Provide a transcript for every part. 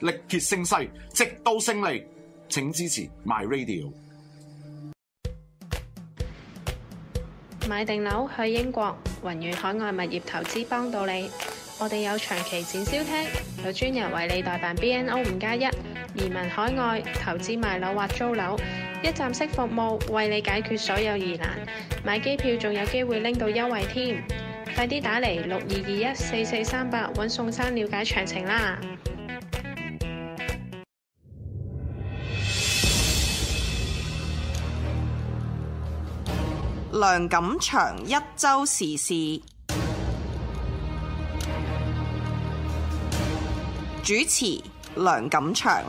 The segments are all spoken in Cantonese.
力竭聲勢，直到勝利。請支持 My Radio 買定樓去英國雲遠海外物業投資幫到你。我哋有長期展銷廳，有專人為你代辦 BNO 五加一移民海外投資賣樓或租樓一站式服務，為你解決所有疑難。買機票仲有機會拎到優惠添，快啲打嚟六二二一四四三八揾宋生了解詳情啦！梁錦祥一周時事，主持梁錦，梁錦祥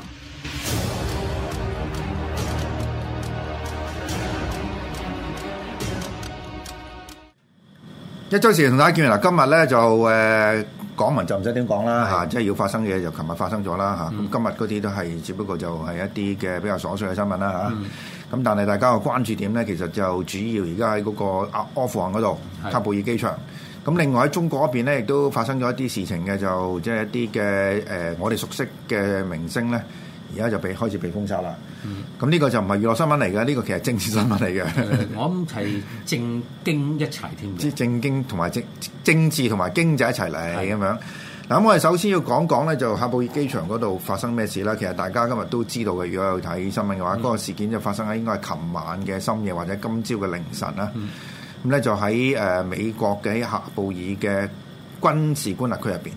一周時同大家見面啦。今日咧就誒，港、呃、聞就唔使點講啦吓，即係的、啊就是、要發生嘅嘢就琴日發生咗啦吓。咁、啊嗯、今日嗰啲都係只不過就係一啲嘅比較瑣碎嘅新聞啦吓。嗯咁但係大家嘅關注點咧，其實就主要而家喺嗰個阿富汗嗰度，卡布爾機場。咁是的另外喺中國嗰邊咧，亦都發生咗一啲事情嘅，就即係、就是、一啲嘅誒，我哋熟悉嘅明星咧，而家就被開始被封殺啦。咁呢、嗯、個就唔係娛樂新聞嚟嘅，呢、這個其實政治新聞嚟嘅。我諗係政經一齊添。即係政經同埋政政治同埋經濟一齊嚟咁樣。咁我哋首先要講講咧，就喀布爾機場嗰度發生咩事啦？其實大家今日都知道嘅，如果有睇新聞嘅話，嗰、那個事件就發生喺應該係琴晚嘅深夜或者今朝嘅凌晨啦。咁咧、嗯、就喺誒、呃、美國嘅喺喀布爾嘅軍事觀察區入邊，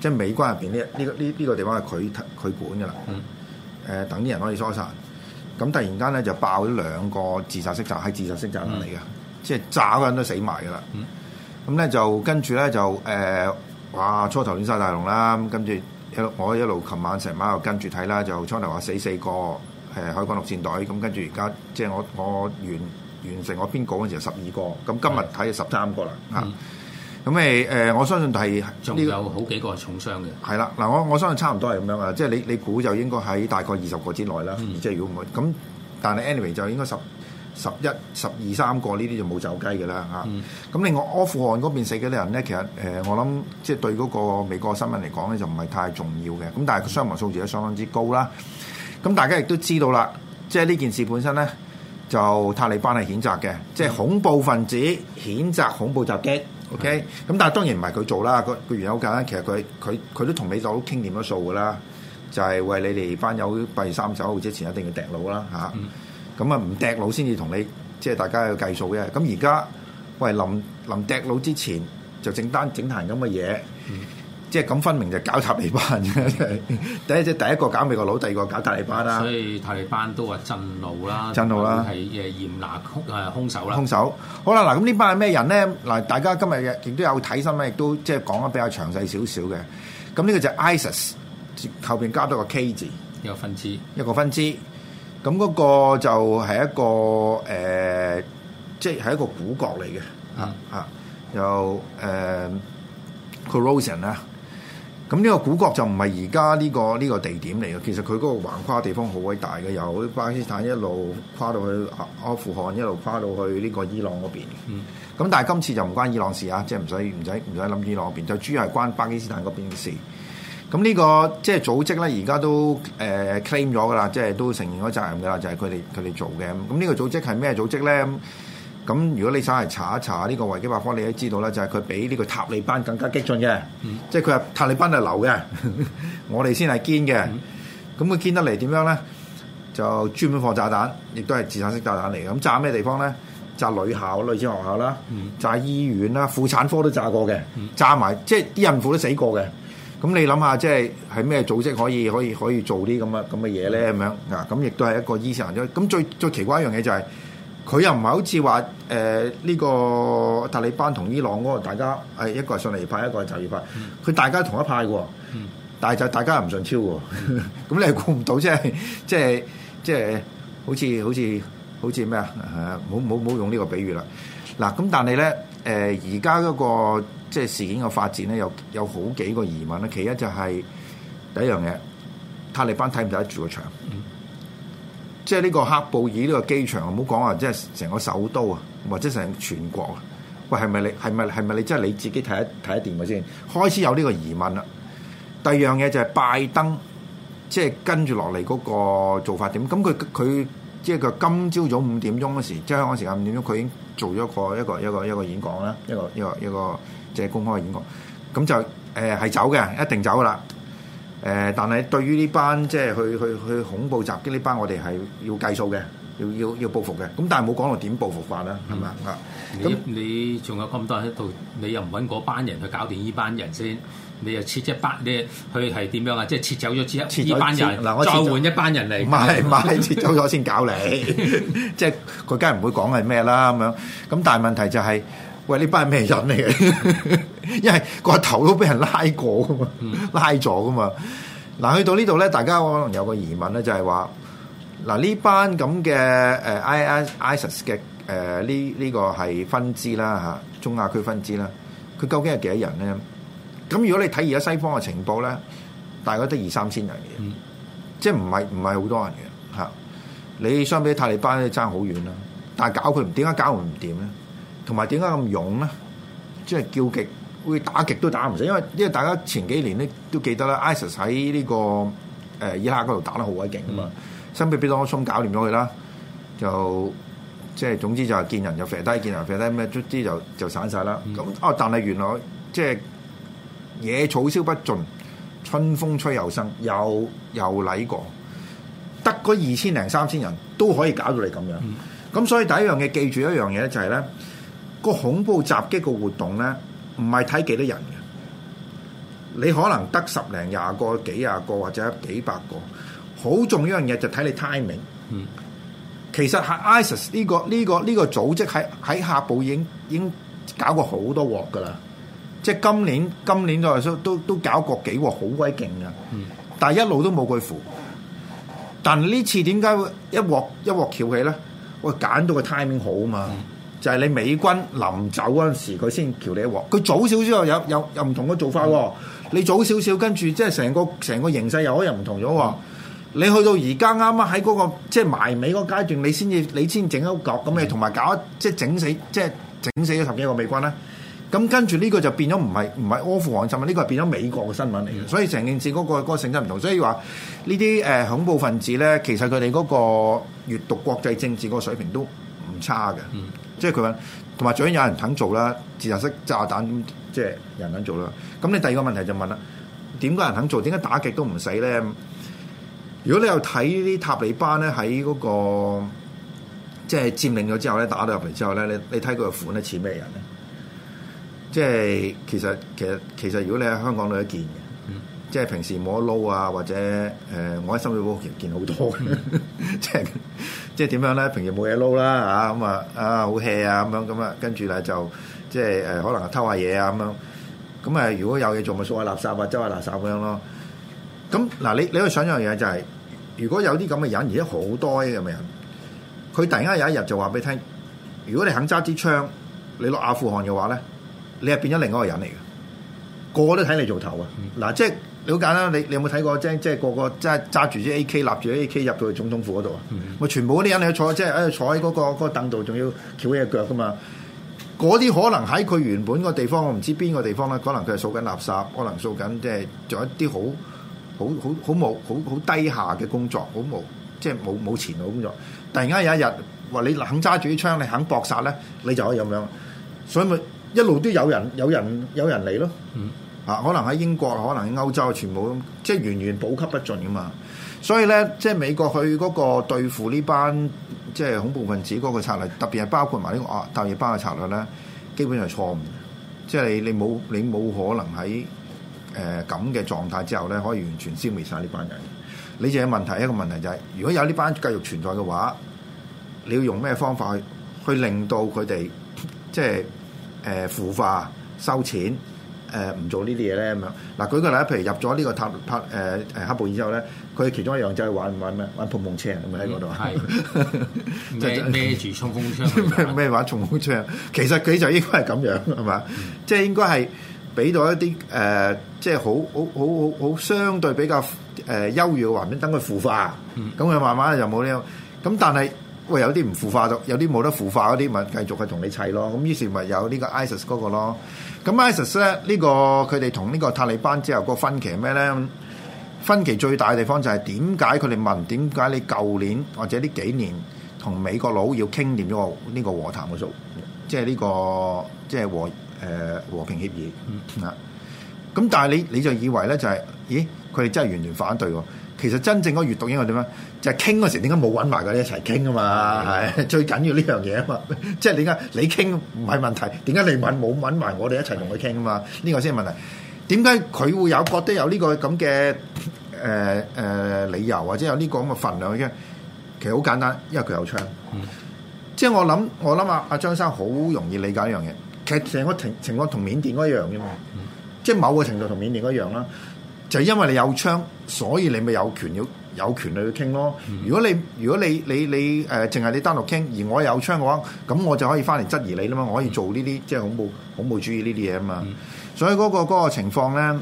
即係美軍入邊呢呢呢呢個地方係佢佢管噶啦。誒、嗯呃、等啲人可以疏散。咁突然間咧就爆咗兩個自殺式炸，喺自殺式、嗯、炸嚟嘅，即係炸人都死埋噶啦。咁咧、嗯、就跟住咧就誒。呃哇！初頭亂晒大龍啦，咁跟住一我一路，琴晚成晚又跟住睇啦，就初頭話死四個誒、呃、海港六線袋海軍陸戰隊咁，跟住而家即係我我完完成我編稿嗰陣十二個，咁今日睇十三個啦嚇。咁誒誒，我相信係仲、嗯這個、有好幾個重傷嘅係啦。嗱，我我相信差唔多係咁樣啊，即係你你估就應該喺大概二十個之內啦。嗯、即係如果唔會咁，但係 anyway 就應該十。十一、十二、三個呢啲就冇走雞嘅啦嚇。咁另外阿富汗嗰邊死嘅啲人咧，其實誒、呃、我諗即係對嗰個美國的新聞嚟講咧，就唔係太重要嘅。咁但係傷亡數字都相當之高啦。咁大家亦都知道啦，即係呢件事本身咧，就塔利班係譴責嘅，嗯、即係恐怖分子譴責恐怖襲擊。OK，咁但係當然唔係佢做啦，佢佢原因好簡單，其實佢佢佢都同美國佬傾掂咗數嘅啦，就係、是、為你哋班友八月三十一號之前一定要掟腦啦嚇。嗯咁啊唔掟佬先至同你，即係大家去計數啫。咁而家喂林林掟佬之前就整單整壇咁嘅嘢，即係咁分明就搞塔利班啫。第一隻第一個搞美國佬，第二個搞塔利班啦。所以塔利班都話震怒啦，震怒啦，係嚴拿兇兇手啦。兇手，好啦嗱，咁呢班係咩人咧？嗱，大家今日亦亦都有睇新聞，亦都即係講得比較詳細少少嘅。咁呢個就 ISIS 後邊加多個 K 字，一個分支，一個分支。咁嗰個就係一個誒，即係係一個古國嚟嘅，啊、嗯、啊，又誒 corrosion 啦。咁、呃、呢、啊、個古國就唔係而家呢個呢、呢個地點嚟嘅，其實佢嗰個橫跨地方好偉大嘅，由巴基斯坦一路跨到去阿富汗，一路跨到去呢個伊朗嗰邊。咁、嗯、但係今次就唔關伊朗事啊，即係唔使唔使唔使諗伊朗嗰邊，就主要係關巴基斯坦嗰邊嘅事。咁呢、這個即係組織咧，而家都、呃、claim 咗噶啦，即係都承認咗責任噶啦，就係佢哋佢哋做嘅。咁、這、呢個組織係咩組織咧？咁、嗯、如果你上嚟查一查呢、這個維基百科，你都知道啦，就係、是、佢比呢個塔利班更加激進嘅。嗯、即係佢係塔利班係流嘅， 我哋先係堅嘅。咁佢堅得嚟點樣咧？就專門放炸彈，亦都係自殺式炸彈嚟嘅。咁炸咩地方咧？炸女校、女子學校啦，嗯、炸醫院啦、婦產科都炸過嘅，嗯、炸埋即係啲孕婦都死過嘅。咁你諗下，即係係咩組織可以可以可以做啲咁啊咁嘅嘢咧？咁樣嗱，咁亦都係一個伊斯蘭。咁最最奇怪的一樣嘢就係、是，佢又唔係好似話誒呢個塔利班同伊朗嗰、那個大家係一個係上嚟派，一個係就業派。佢、嗯、大家同一派喎，嗯、但係就大家又唔上超喎。咁、嗯、 你係估唔到，即係即係即係好似好似好似咩啊？唔好唔好用呢個比喻啦。嗱、啊，咁但係咧誒，而家嗰個。即係事件嘅發展咧，有有好幾個疑問啦。其一就係、是、第一樣嘢，塔利班睇唔睇得住個場？嗯、即係呢個喀布爾呢個機場，唔好講話，即係成個首都啊，或者成全國啊。喂，係咪你係咪係咪你，是是你即係你自己睇睇得掂嘅先？開始有呢個疑問啦。第二樣嘢就係拜登，即係跟住落嚟嗰個做法點？咁佢佢即係佢今朝早五點鐘嗰時，即係香港時間五點鐘，佢已經做咗個一個一個一個，一個演講啦個個，一個一個一個。即係公開演講，咁就誒係、呃、走嘅，一定走噶啦。誒、呃，但係對於呢班即係去去去恐怖襲擊呢班，我哋係要計數嘅，要要要報復嘅。咁但係冇講到點報復法啦，係咪？啊、嗯？咁那你仲有咁多人喺度，你又唔搵嗰班人去搞掂呢班人先？你又撤一班，你去係點樣啊？即係撤走咗之後，呢班人嗱，我再換一班人嚟不，唔係唔係撤走咗先搞你？ 即係佢梗係唔會講係咩啦咁樣。咁但係問題就係、是。喂，呢班係咩人嚟嘅？ 因為個頭都俾人拉過㗎嘛，拉咗㗎嘛。嗱，去到呢度咧，大家可能有個疑問咧，就係話：嗱、呃，呢班咁嘅誒 IS ISIS 嘅誒呢呢個係分支啦嚇，中亞區分支啦。佢究竟係幾多人咧？咁如果你睇而家西方嘅情報咧，大概得二三千人嘅，嗯、即係唔係唔係好多人嘅嚇。你相比泰利班爭好遠啦，但係搞佢點解搞唔掂咧？同埋點解咁勇咧？即、就、係、是、叫極，會打極都打唔死，因為因為大家前幾年咧都記得啦，ISIS 喺呢、這個誒、呃、伊拉克嗰度打得好鬼勁啊嘛，分別俾 Donald Trump 搞掂咗佢啦，就即係、就是、總之就係見人就肥低，見人肥低，咩卒之就就，就散晒啦。咁啊、嗯哦，但係原來即係、就是、野草燒不盡，春風吹又生，又又嚟過，得嗰二千零三千人都可以搞到你咁樣。咁、嗯、所以第一樣嘢，記住一樣嘢咧，就係咧。個恐怖襲擊個活動咧，唔係睇幾多人嘅，你可能得十零廿個、幾廿個或者幾百個。好重要一樣嘢就睇你 timing。嗯，其實係 ISIS 呢個呢個呢個組織喺喺下部已經已經搞過好多鑊噶啦，即係今年今年都係都都搞過幾鑊好鬼勁嘅。嗯、但係一路都冇佢符，但係呢次點解一鑊一鑊翹起咧？我揀到個 timing 好啊嘛。嗯。就係你美軍臨走嗰陣時，佢先撬你他一鑊。佢早少少又有又唔同嘅做法喎。嗯、你早少少，跟住即係成個成個形勢又可又唔同咗喎。嗯、你去到而家啱啱喺嗰個即係埋尾嗰階段，你先至你先整一鑊咁你同埋搞即係整死即係整死咗十幾個美軍咧。咁跟住呢個就變咗唔係唔係阿富汗、這個、新聞，呢個係變咗美國嘅新聞嚟嘅。所以成件事嗰、嗰個嗰個性質唔同。所以話呢啲誒恐怖分子咧，其實佢哋嗰個閲讀國際政治個水平都唔差嘅。嗯即係佢話，同埋仲有人肯做啦，自殺式炸彈即係人肯做啦。咁你第二個問題就問啦，點解人肯做？點解打極都唔死咧？如果你有睇呢啲塔利班咧、那個，喺嗰個即係佔領咗之後咧，打到入嚟之後咧，你你睇佢嘅款似咩人咧？即係其實其實其實，其實其實如果你喺香港都見嘅，嗯、即係平時冇得撈啊，或者誒、呃，我喺深水埗其實見好多嘅，即係。即係點樣咧？平時冇嘢撈啦，嚇咁啊，啊好 hea 啊咁樣咁啊，跟住咧就即係誒可能偷下嘢啊咁樣。咁啊如果有嘢做咪掃下垃圾啊，執下垃圾咁樣咯。咁嗱，你你可以想像一樣嘢就係，如果有啲咁嘅人，而且好多啲咁嘅人，佢突然間有一日就話俾你聽，如果你肯揸支槍，你落阿富汗嘅話咧，你係變咗另外一個人嚟嘅。個個都睇你做頭啊！嗱、嗯，即係。了解啦，你你有冇睇過即係即係個個即係揸住啲 A K、立住啲 A K 入到去總統府嗰度啊？咪、嗯嗯、全部啲人你坐即係喺度坐喺嗰、嗰個凳度，仲、那個、要翹起隻腳噶嘛？嗰啲可能喺佢原本個地方不知道哪個地方，我唔知邊個地方咧。可能佢係掃緊垃圾，可能掃緊即係做一啲好好好好冇好好低下嘅工作，好冇即係冇冇錢嘅工作。突然間有一日，話你肯揸住啲槍，你肯搏殺咧，你就可以咁樣。所以咪一路都有人有人有人嚟咯。嗯。啊，可能喺英國，可能喺歐洲，全部即係源源補給不盡噶嘛。所以咧，即係美國去嗰個對付呢班即係恐怖分子嗰個策略，特別係包括埋呢個啊塔利班嘅策略咧，基本上係錯誤的。即係你冇你冇可能喺誒咁嘅狀態之後咧，可以完全消滅晒呢班人。你仲有問題，一個問題就係，如果有呢班繼續存在嘅話，你要用咩方法去，去令到佢哋即係誒腐化收錢？誒唔、呃、做這些呢啲嘢咧咁樣嗱，舉個例，譬如入咗呢個塔拍誒誒喀布爾之後咧，佢其中一樣就係玩玩咩玩碰碰車咁啊喺嗰度，孭孭住衝鋒槍，咩咩玩衝鋒槍？其實佢就應該係咁樣，係嘛？即係、嗯、應該係俾到一啲誒，即、呃、係、就是、好好好好好相對比較誒優越嘅環境，等佢腐化，咁佢、嗯、慢慢就冇呢樣。咁但係喂有啲唔腐化咗，有啲冇得腐化嗰啲，咪繼續去同你砌咯。咁於是咪有呢個 ISIS 嗰個咯。咁 ISIS 咧呢個佢哋同呢個塔利班之後個分歧係咩咧？分歧最大嘅地方就係點解佢哋問點解你舊年或者呢幾年同美國佬要傾掂咗個呢個和談嘅數，即係呢個即係和、呃、和平協議啊？咁、嗯嗯、但係你你就以為咧就係、是，咦？佢哋真係完全反對喎。其實真正個閱讀應該點樣？就係傾嗰時候，點解冇揾埋佢哋一齊傾啊嘛？係的的最緊要呢樣嘢啊嘛！即係點解你傾唔係問題？點解你揾冇揾埋我哋一齊同佢傾啊嘛？呢的個先係問題。點解佢會有覺得有呢個咁嘅誒誒理由或者有呢個咁嘅份量嘅？其實好簡單，因為佢有槍。即係、嗯、我諗，我諗阿阿張生好容易理解一樣嘢。其實成個情情況同緬甸一樣啫嘛。即係、嗯、某個程度同緬甸一樣啦。就係、因為你有槍，所以你咪有權要。有權利去傾咯。如果你如果你你你誒淨係你單獨傾，而我有槍嘅話，咁我就可以翻嚟質疑你啦嘛。我可以做呢啲即係恐怖恐怖主義呢啲嘢啊嘛。嗯、所以嗰、嗰個嗰個情況咧，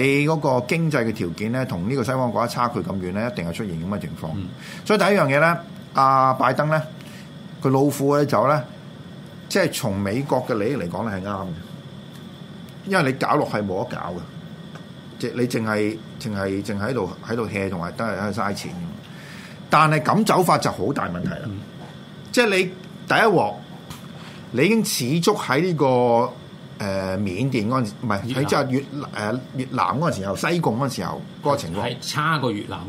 你嗰個經濟嘅條件咧，同呢個西方國家差距咁遠咧，一定係出現咁嘅情況。嗯、所以第一樣嘢咧，阿、啊、拜登咧，佢老虎咧走咧，即、就、係、是、從美國嘅利益嚟講咧係啱嘅，因為你搞落係冇得搞嘅。即你淨係淨係淨喺度喺度 hea 同埋都係喺度嘥錢，但係咁走法就好大問題啦。嗯、即係你第一鑊，你已經始終喺呢、這個呢個誒、呃、緬甸嗰陣，唔係喺即係越誒越南嗰陣、呃、時候，西貢嗰陣時候嗰、嗰個情況係差過越南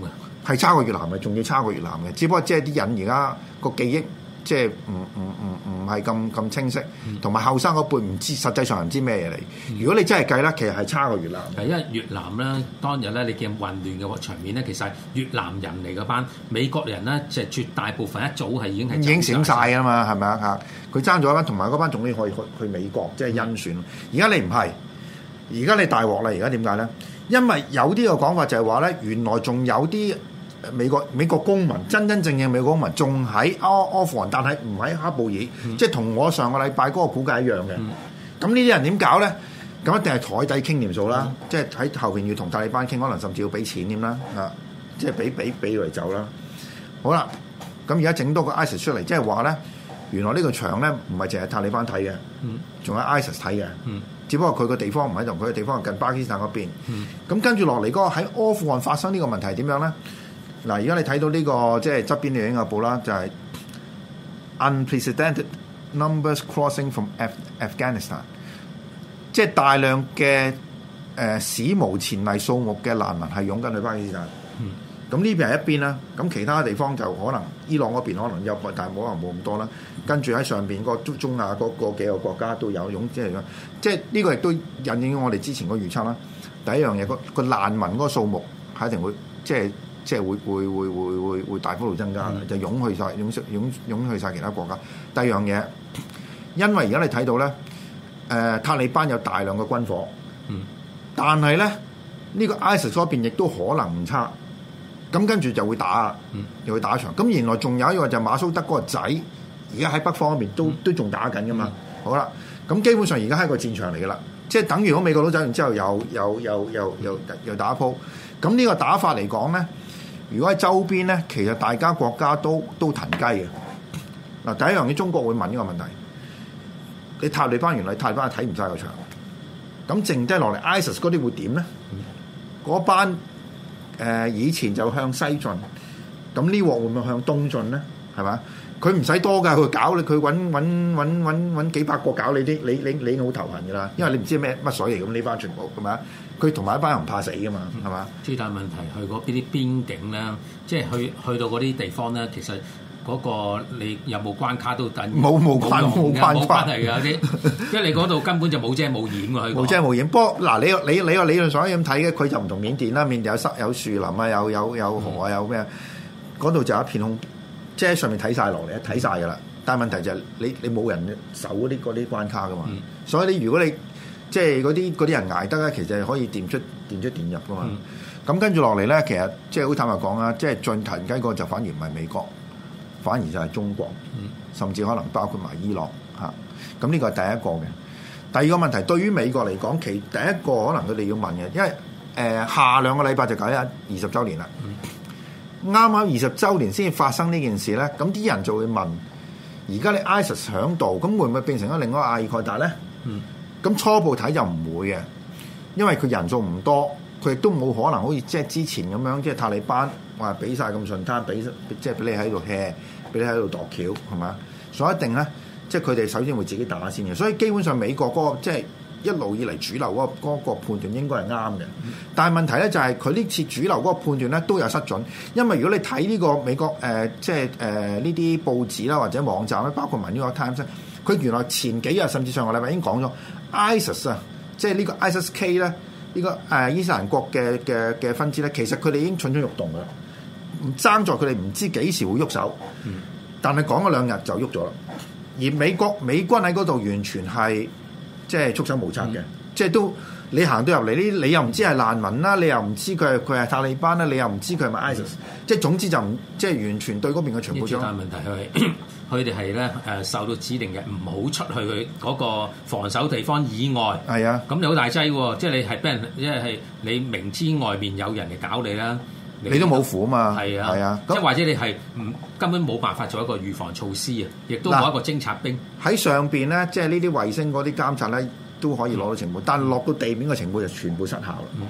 嘅，係差過越南嘅，仲要差過越南嘅。只不過即係啲人而家個記憶。即係唔唔唔唔係咁咁清晰，同埋後生嗰輩唔知實際上唔知咩嚟。如果你真係計啦，其實係差過越南。係因為越南咧，當日咧你見混亂嘅場面咧，其實越南人嚟嗰班美國人咧，即係絕大部分一早係已經係已經閃曬㗎嘛，係咪啊？佢爭咗一班，同埋嗰班仲可以去去美國，即係甄選。而家你唔係，而家你大鑊啦！而家點解咧？因為有啲嘅講法就係話咧，原來仲有啲。美國美國公民真真正正美國公民仲喺阿富汗，an, 但係唔喺喀布爾，嗯、即係同我上個禮拜嗰個估計一樣嘅。咁、嗯、呢啲人點搞咧？咁一定係台底傾掂數啦，嗯、即係喺後邊要同塔利班傾，可能甚至要俾錢咁啦，啊，即係俾俾俾佢哋走啦。好啦，咁而家整多個 ISIS 出嚟，即係話咧，原來呢個場呢個牆咧唔係淨係塔利班睇嘅，仲、嗯、有 ISIS 睇嘅。只不過佢個地方唔喺同佢嘅地方近巴基斯坦嗰邊。咁、嗯、跟住落嚟嗰個喺阿富汗發生呢個問題係點樣咧？嗱，而家你睇到呢、這個即係側邊嘅英國報啦，就係、是、unprecedented numbers crossing from Af Afghanistan，即係大量嘅誒、呃、史無前例數目嘅難民係湧緊去巴基斯坦。咁呢、嗯、邊係一邊啦，咁其他地方就可能伊朗嗰邊可能有，但係冇可能冇咁多啦。跟住喺上邊個中亞嗰個幾個國家都有湧，即係即係呢個亦都引應我哋之前個預測啦。第一樣嘢，個個難民嗰個數目係一定會即係。即係會會會會會會大幅度增加，嗯、就湧去晒，湧出湧去晒其他國家。第二樣嘢，因為而家你睇到咧，誒、呃、塔利班有大量嘅軍火，嗯、但係咧呢、呢個 ISIS 嗰邊亦都可能唔差，咁跟住就會打，嗯、又會打場。咁原來仲有一個就係馬蘇德嗰個仔，而家喺北方嗰邊都、嗯、都仲打緊噶嘛。嗯、好啦，咁基本上而家係一個戰場嚟噶啦，即係等完嗰個美國佬走完之後又，又又又又又又打鋪。咁呢個打法嚟講咧。如果喺周邊咧，其實大家國家都都騰雞嘅。嗱，第一樣嘢中國會問呢個問題，你塔利班，原來你塔利班睇唔晒個場。咁剩低落嚟 ISIS 嗰啲會點咧？嗰班誒、呃、以前就向西進，咁呢鑊會唔會向東進咧？係咪？佢唔使多噶，佢搞你，佢揾揾揾揾揾幾百個搞你啲，你你你好頭痕噶啦。因為你唔知咩乜水嚟，咁你班全部係嘛？佢同埋一班人唔怕死噶嘛，係嘛？最大、嗯、問題去嗰邊啲邊境咧，即係去去到嗰啲地方咧，其實嗰個你有冇關卡都等冇冇關冇班關係㗎啲， 即係你嗰度根本就冇遮冇掩喎。冇遮冇掩。不過嗱，你你你個理論上咁睇嘅，佢就唔同緬甸啦，面有有樹林啊，有有有，有河有咩？嗰度、嗯、就有一片空。即係上面睇晒落嚟，睇晒㗎啦。嗯、但係問題就係你你冇人守嗰啲啲關卡㗎嘛。嗯、所以你如果你即係嗰啲啲人捱得咧，其實係可以掂出掂出掂入㗎嘛。咁、嗯、跟住落嚟咧，其實即係好坦白講啦，即係進騰雞個就反而唔係美國，反而就係中國，嗯、甚至可能包括埋伊朗嚇。咁、啊、呢個係第一個嘅。第二個問題對於美國嚟講，其第一個可能佢哋要問嘅，因為誒、呃、下兩個禮拜就九一一二十週年啦。嗯啱啱二十周年先至發生呢件事咧，咁啲人就會問：而家你 ISIS 響度，咁會唔會變成咗另外一個阿爾蓋達咧？嗯，咁初步睇就唔會嘅，因為佢人數唔多，佢亦都冇可能好似即係之前咁樣，即係塔利班話俾晒咁順差，俾即係俾你喺度 hea，俾你喺度度橋係嘛？所以一定咧，即係佢哋首先會自己打先嘅。所以基本上美國嗰、嗰個即係一路以嚟主流嗰個判斷應該係啱嘅，但係問題咧就係佢呢次主流嗰個判斷咧都有失準，因為如果你睇呢個美國誒即係誒呢啲報紙啦或者網站咧，包括埋呢個《Time》咧，佢原來前幾日甚至上個禮拜已經講咗 ISIS 啊，即係呢個 ISIS-K 咧，呢個誒伊斯蘭國嘅嘅嘅分支咧，其實佢哋已經蠢蠢欲動㗎啦，爭在佢哋唔知幾時會喐手，但係講咗兩日就喐咗啦，而美國美軍喺嗰度完全係。即係束手無策嘅，即係都，你行到入嚟呢，你又唔知係難民啦，你又唔知佢係佢係塔利班啦，你又唔知佢係咪 ISIS，即係總之就唔即係完全對嗰邊嘅全部。最大問題係佢哋係咧誒受到指定嘅，唔好出去佢嗰個防守地方以外。係是啊，咁你好大劑喎！即係你係俾人，因為係你明知外面有人嚟搞你啦。你都冇符啊嘛，係啊，係啊，即係或者你係唔根本冇辦法做一個預防措施啊，亦都冇一個偵察兵喺上邊咧，即係呢啲衛星嗰啲監察咧都可以攞到情報，嗯、但係落到地面嘅情報就全部失效啦、嗯。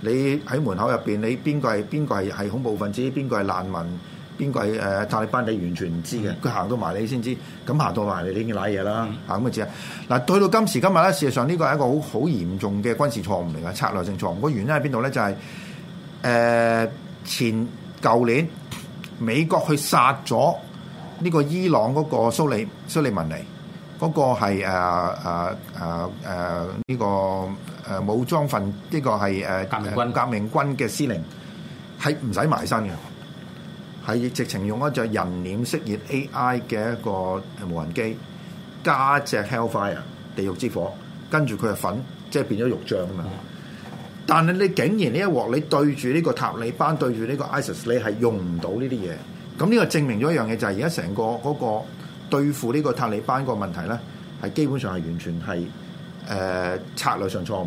你喺門口入邊，你邊個係邊個係係恐怖分子，邊個係難民，邊個係誒塔利班，你完全唔知嘅。佢行、嗯、到埋你先知，咁行到埋你知，你已經攋嘢啦，行乜嘢？嗱，去到今時今日咧，事實上呢個係一個好好嚴重嘅軍事錯誤嚟㗎，策略性錯誤。個原因喺邊度咧？就係、是。誒、呃，前舊年美國去殺咗呢個伊朗嗰個蘇里蘇利文尼，嗰、那個係誒誒誒誒呢個誒、呃、武裝份呢個係誒、呃、革命革命軍革命軍嘅司令，係唔使埋身嘅，係直情用一隻人臉識別 A I 嘅一個無人機加隻 Hellfire 地獄之火，跟住佢係粉，即係變咗肉醬啊嘛。但係你竟然呢一鑊你對住呢個塔利班對住呢個 ISIS，IS，你係用唔到呢啲嘢，咁呢個證明咗一樣嘢，就係而家成個嗰個對付呢個塔利班個問題咧，係基本上係完全係誒、呃、策略上錯誤。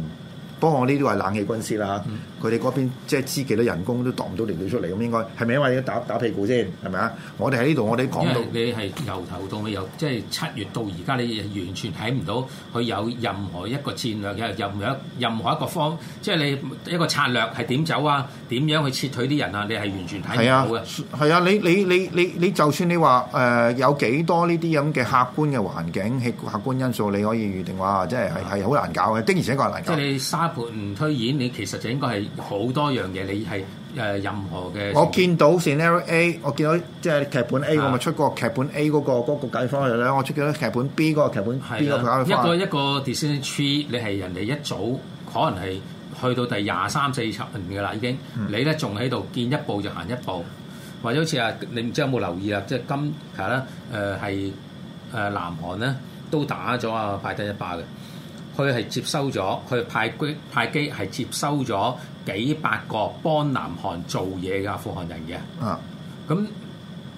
不過我呢啲係冷氣軍師啦，佢哋嗰邊即係知幾多人工都度唔到調到出嚟，咁應該係咪因為你打打屁股先係咪啊？我哋喺呢度我哋講到你係由頭到尾，由即係七月到而家，你完全睇唔到佢有任何一個戰略嘅任何一任何一個方，即係你一個策略係點走啊？點樣去撤退啲人啊？你係完全睇唔到。係啊，係啊，你你你你你就算你話誒、呃、有幾多呢啲咁嘅客觀嘅環境客觀因素你可以預定話，即係係係好難搞嘅，的而且確係難搞即係你唔推演你其實就應該係好多樣嘢，你係誒、呃、任何嘅。我見到 scenario A 我見到即係劇本 A，、嗯、我咪出嗰個劇本 A 嗰、那個嗰、那個解決方案咧。啊、我出咗劇本 B 嗰、那個劇本 B、啊一個，一個一個 decision tree，你係人哋一早可能係去到第廿三四層面噶啦已經，你咧仲喺度，見一步就行一步。或者好似啊，你唔知有冇留意啊？即係今係啦，誒係誒南韓咧都打咗啊拜登一巴嘅。佢係接收咗，佢派機派機係接收咗幾百個幫南韓做嘢嘅富汗人嘅。嗯、啊，咁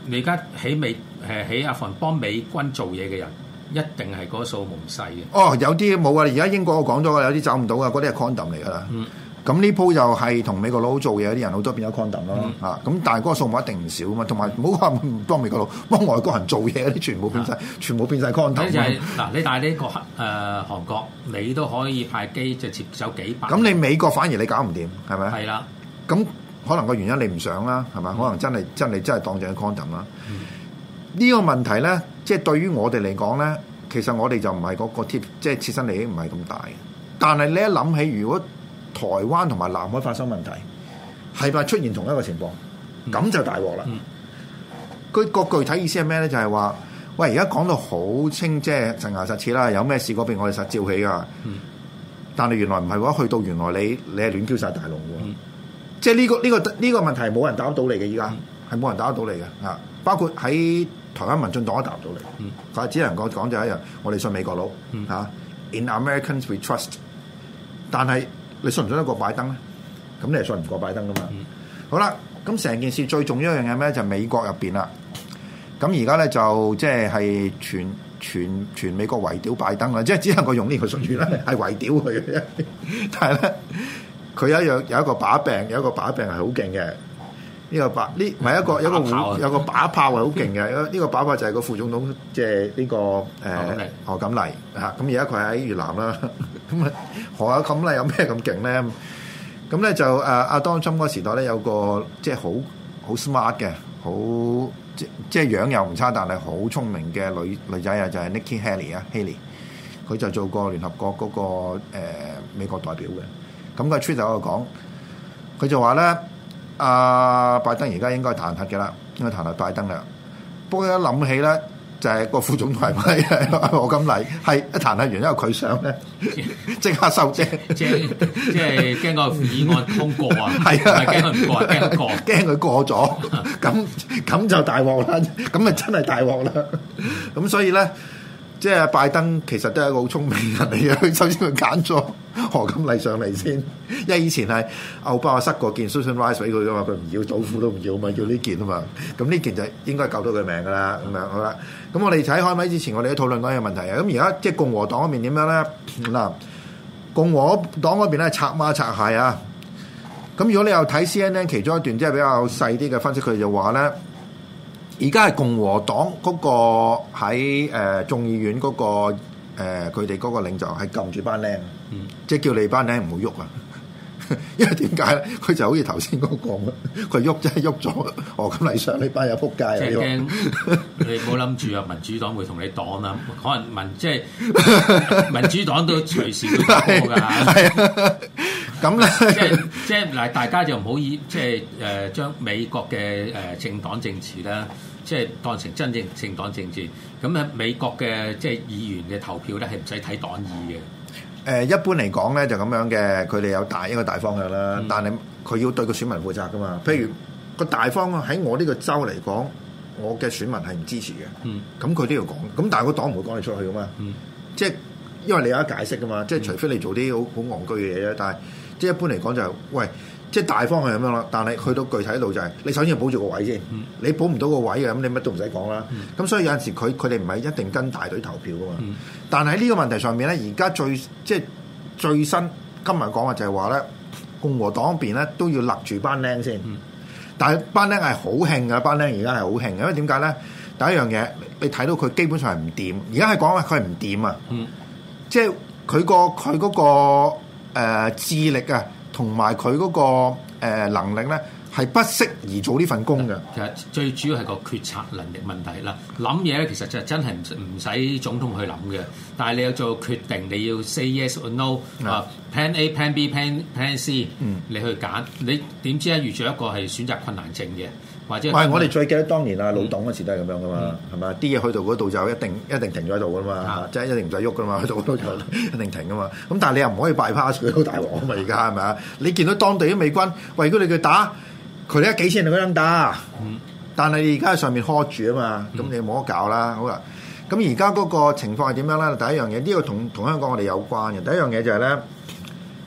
你而家喺美誒喺阿富汗幫美軍做嘢嘅人，一定係個數唔細嘅。哦，有啲冇啊，而家英國我講咗啊，有啲走唔到啊，嗰啲係 condom 嚟㗎啦。嗯咁呢鋪就係同美國佬做嘢啲人，人，好多變咗 condom 咯，啊！咁但係嗰個數目一定唔少噶嘛。同埋唔好話幫美國佬幫外國人做嘢啲，全部變晒。啊、全部變晒 condom 嗱、就係啊，你帶呢、呢個、呃、韓國，你都可以派機，就接手幾百。咁你美國反而你搞唔掂，係咪？係啦。咁的可能個原因你唔想啦，係咪？嗯、可能真係真係真係當住個 condom 啦。呢、嗯、個問題咧，即、就、係、是、對於我哋嚟講咧，其實我哋就唔係嗰個 tip，即係切身利益唔係咁大嘅。但係你一諗起，如果台灣同埋南海發生問題，係咪出現同一個情況？咁、嗯、就大鑊啦。佢、嗯、個具體意思係咩咧？就係、是、話，喂，而家講到好清，即係實牙實齒啦，有咩事過俾我哋實照起噶。嗯、但係原來唔係喎，去到原來你你係亂叫晒大陸喎。嗯、即係呢、這個呢、這個呢、這個問題係冇人答得到你嘅，依家係冇人答得到你嘅啊！包括喺台灣民進黨都答唔到你。但佢、嗯、只能講講就一樣，我哋信美國佬嚇、嗯啊。In Americans we trust，但係。你信唔信得過拜登咧？咁你係信唔過拜登噶嘛？好啦，咁成件事最重要一樣嘢咩？就係美國入邊啦。咁而家咧就即係全全全美國圍屌拜登啦，即係只能夠用個信是他的 是呢個術語啦，係圍屌佢嘅啫。但係咧，佢有一有一個把柄，有一個把柄係好勁嘅。呢個把呢，唔係一個有一個有，一個，有一個把炮係好勁嘅，呢 個把炮就係個副總統，即係呢個誒、呃、Okay. 賀錦麗嚇，咁而家佢喺越南啦。咁啊 賀錦麗有咩咁勁咧？咁咧就誒阿 Donald Trump 嗰個時代咧，有個即係好好 smart 嘅，好即即樣又唔差，但係好聰明嘅女女仔啊，就係、是、Nikki Haley 啊，Haley，佢就做過聯合國嗰、那個、呃、美國代表嘅。咁個出頭就講，佢就話咧。阿、啊、拜登而家應該彈劾嘅啦，應該彈劾拜登啦。不過一諗起咧，就係、是、個副總統係咪？我咁嚟係一彈劾完，因為佢想咧，即 刻收啫正。即係即係驚個議案通過啊！係啊，係驚佢唔過，驚驚佢過咗，咁咁 就大鑊啦。咁啊真係大鑊啦。咁所以咧。即係拜登其實都係一個好聰明的人嚟嘅，首先佢揀咗賀錦麗上嚟先，因為以前係奧巴馬塞過件 Susan Rice 俾佢噶嘛，佢唔要，祖父都唔要嘛，要呢件啊嘛，咁呢件就應該救到佢命噶啦，咁樣好啦。咁我哋睇開咪之前，我哋都討論過一個問題啊。咁而家即係共和黨嗰邊點樣咧？嗱、嗯，共和黨嗰邊咧拆馬拆鞋啊。咁如果你又睇 CNN 其中一段，即係比較細啲嘅分析，佢就話咧。而家係共和黨嗰個喺誒眾議院嗰個誒佢哋嗰個領袖係撳住班僆，嗯，即係叫你班僆唔好喐啊！因為點解咧？佢就好似頭先嗰個，佢喐真係喐咗。哦，咁麗上禮拜又扑街，即係驚你唔好諗住啊！民主黨會同你擋啊？可能民即係、就是、民主黨都隨時都搞咁咧，即係即係嗱，啊就是就是、大家就唔好以即係誒，將、就是呃、美國嘅誒、呃、政黨政治啦，即、就、係、是、當成真正政黨政治。咁咧，美國嘅即係議員嘅投票咧，係唔使睇黨意嘅。誒、呃、一般嚟講咧就咁樣嘅，佢哋有大一個大方向啦。嗯、但係佢要對個選民負責噶嘛。譬如、嗯、個大方喺我呢個州嚟講，我嘅選民係唔支持嘅。嗯，咁佢都要講。咁但係個黨唔會講你出去噶嘛。嗯即，即係因為你有得解釋噶嘛。嗯、即係除非你做啲好好戇居嘅嘢啫。但係即係一般嚟講就係、是、喂。即係大方向咁樣咯，但係去到具體度，就係你首先要保住個位先，你保唔到個位嘅咁你乜都唔使講啦。咁所以有陣時佢佢哋唔係一定跟大隊投票噶嘛。但係呢個問題上面咧，而家最即係最新今日講嘅就係話咧，共和黨邊咧都要立住班僆先。嗯、但係班僆係好興嘅，班僆而家係好興嘅，因為點解咧？第一樣嘢你睇到佢基本上係唔掂，而家係講話佢係唔掂啊。嗯、即係佢個、佢嗰個、呃、智力啊。同埋佢嗰個誒能力咧，係不適宜做呢份工嘅。其實最主要係個決策能力問題啦。諗嘢咧，其實就真係唔唔使總統去諗嘅。但係你要做決定，你要 say yes or no 啊 Yeah.、uh，plan A plan B plan plan C，嗯、你去揀。你點知咧？遇咗一個係選擇困難症嘅。唔係我哋最記得當年啊老黨嗰時都係咁樣噶嘛，係嘛、嗯？啲、嗯、嘢去到嗰度就一定一定停咗喺度噶嘛，即係、嗯、一定唔使喐噶嘛，去到嗰度就一定停噶嘛。咁但係你又唔可以拜 pass 佢，好大鑊嘛。而家係咪啊？你見到當地啲美軍，喂、哎、如果你去打佢咧，幾千人佢打，嗯、但係而家喺上面 hold 住啊嘛，咁你冇得搞啦。好啦，咁而家嗰個情況係點樣咧？第一樣嘢呢個同同香港我哋有關嘅。第一樣嘢就係咧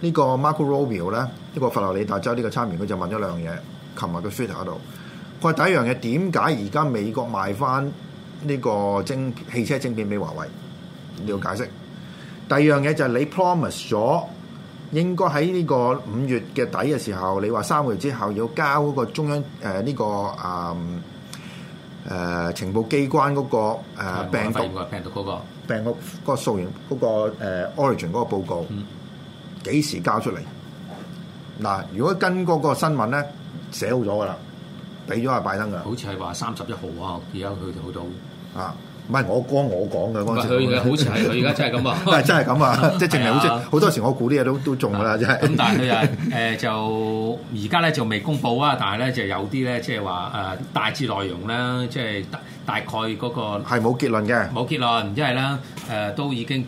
呢、這個 Marco Rubio 咧，呢、這個佛羅里達州呢個參議員，佢就問咗兩樣嘢，琴日嘅 Twitter 度。佢第一樣嘢，點解而家美國賣翻呢個精汽車晶片俾華為？你、這、要、個、解釋。第二樣嘢就係你 promise 咗應該喺呢個五月嘅底嘅時候，你話三個月之後要交嗰個中央誒呢、呃這個啊誒、呃呃、情報機關嗰、那個、呃、是病毒，病毒嗰、那個病毒嗰個溯源嗰 origin 嗰個報告，幾、嗯、時交出嚟？嗱，如果跟嗰個新聞咧寫好咗㗎喇。俾咗阿拜登噶，好似係話三十一號啊，而家去到好到啊，唔係我，我講我講嘅，佢佢好似係佢而家真係咁啊， 啊，真係咁啊，即係淨係好似好多時我估啲嘢都都中啦，即係。咁、嗯、但係佢啊，就而家咧就未公布啊，但係咧就有啲咧即係話大致內容咧，即、就、係、是、大大概嗰、那個係冇結論嘅，冇結論，因為咧都已經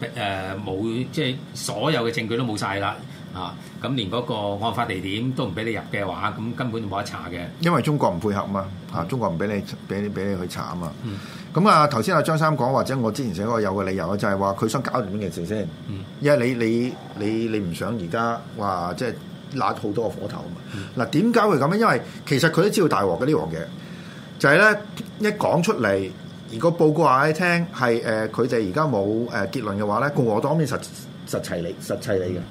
冇即係所有嘅證據都冇晒啦。啊！咁連嗰個案發地點都唔俾你入嘅話，咁根本冇得查嘅。因為中國唔配合嘛，啊、中國唔俾你俾俾你，你去查啊嘛。咁、嗯、啊，頭先阿張三講，或者我之前寫過有個理由啊，就係話佢想搞掂件事先。嗯、因為你你你你唔想而家話即係揦好多個火頭啊嘛。嗱、嗯，點解、啊、會咁呢？因為其實佢都知道大鑊嗰啲嘢嘅，就係、是、咧一講出嚟，如果報告話你聽係佢哋而家冇誒結論嘅話咧，共和黨面實砌你實砌你嘅。實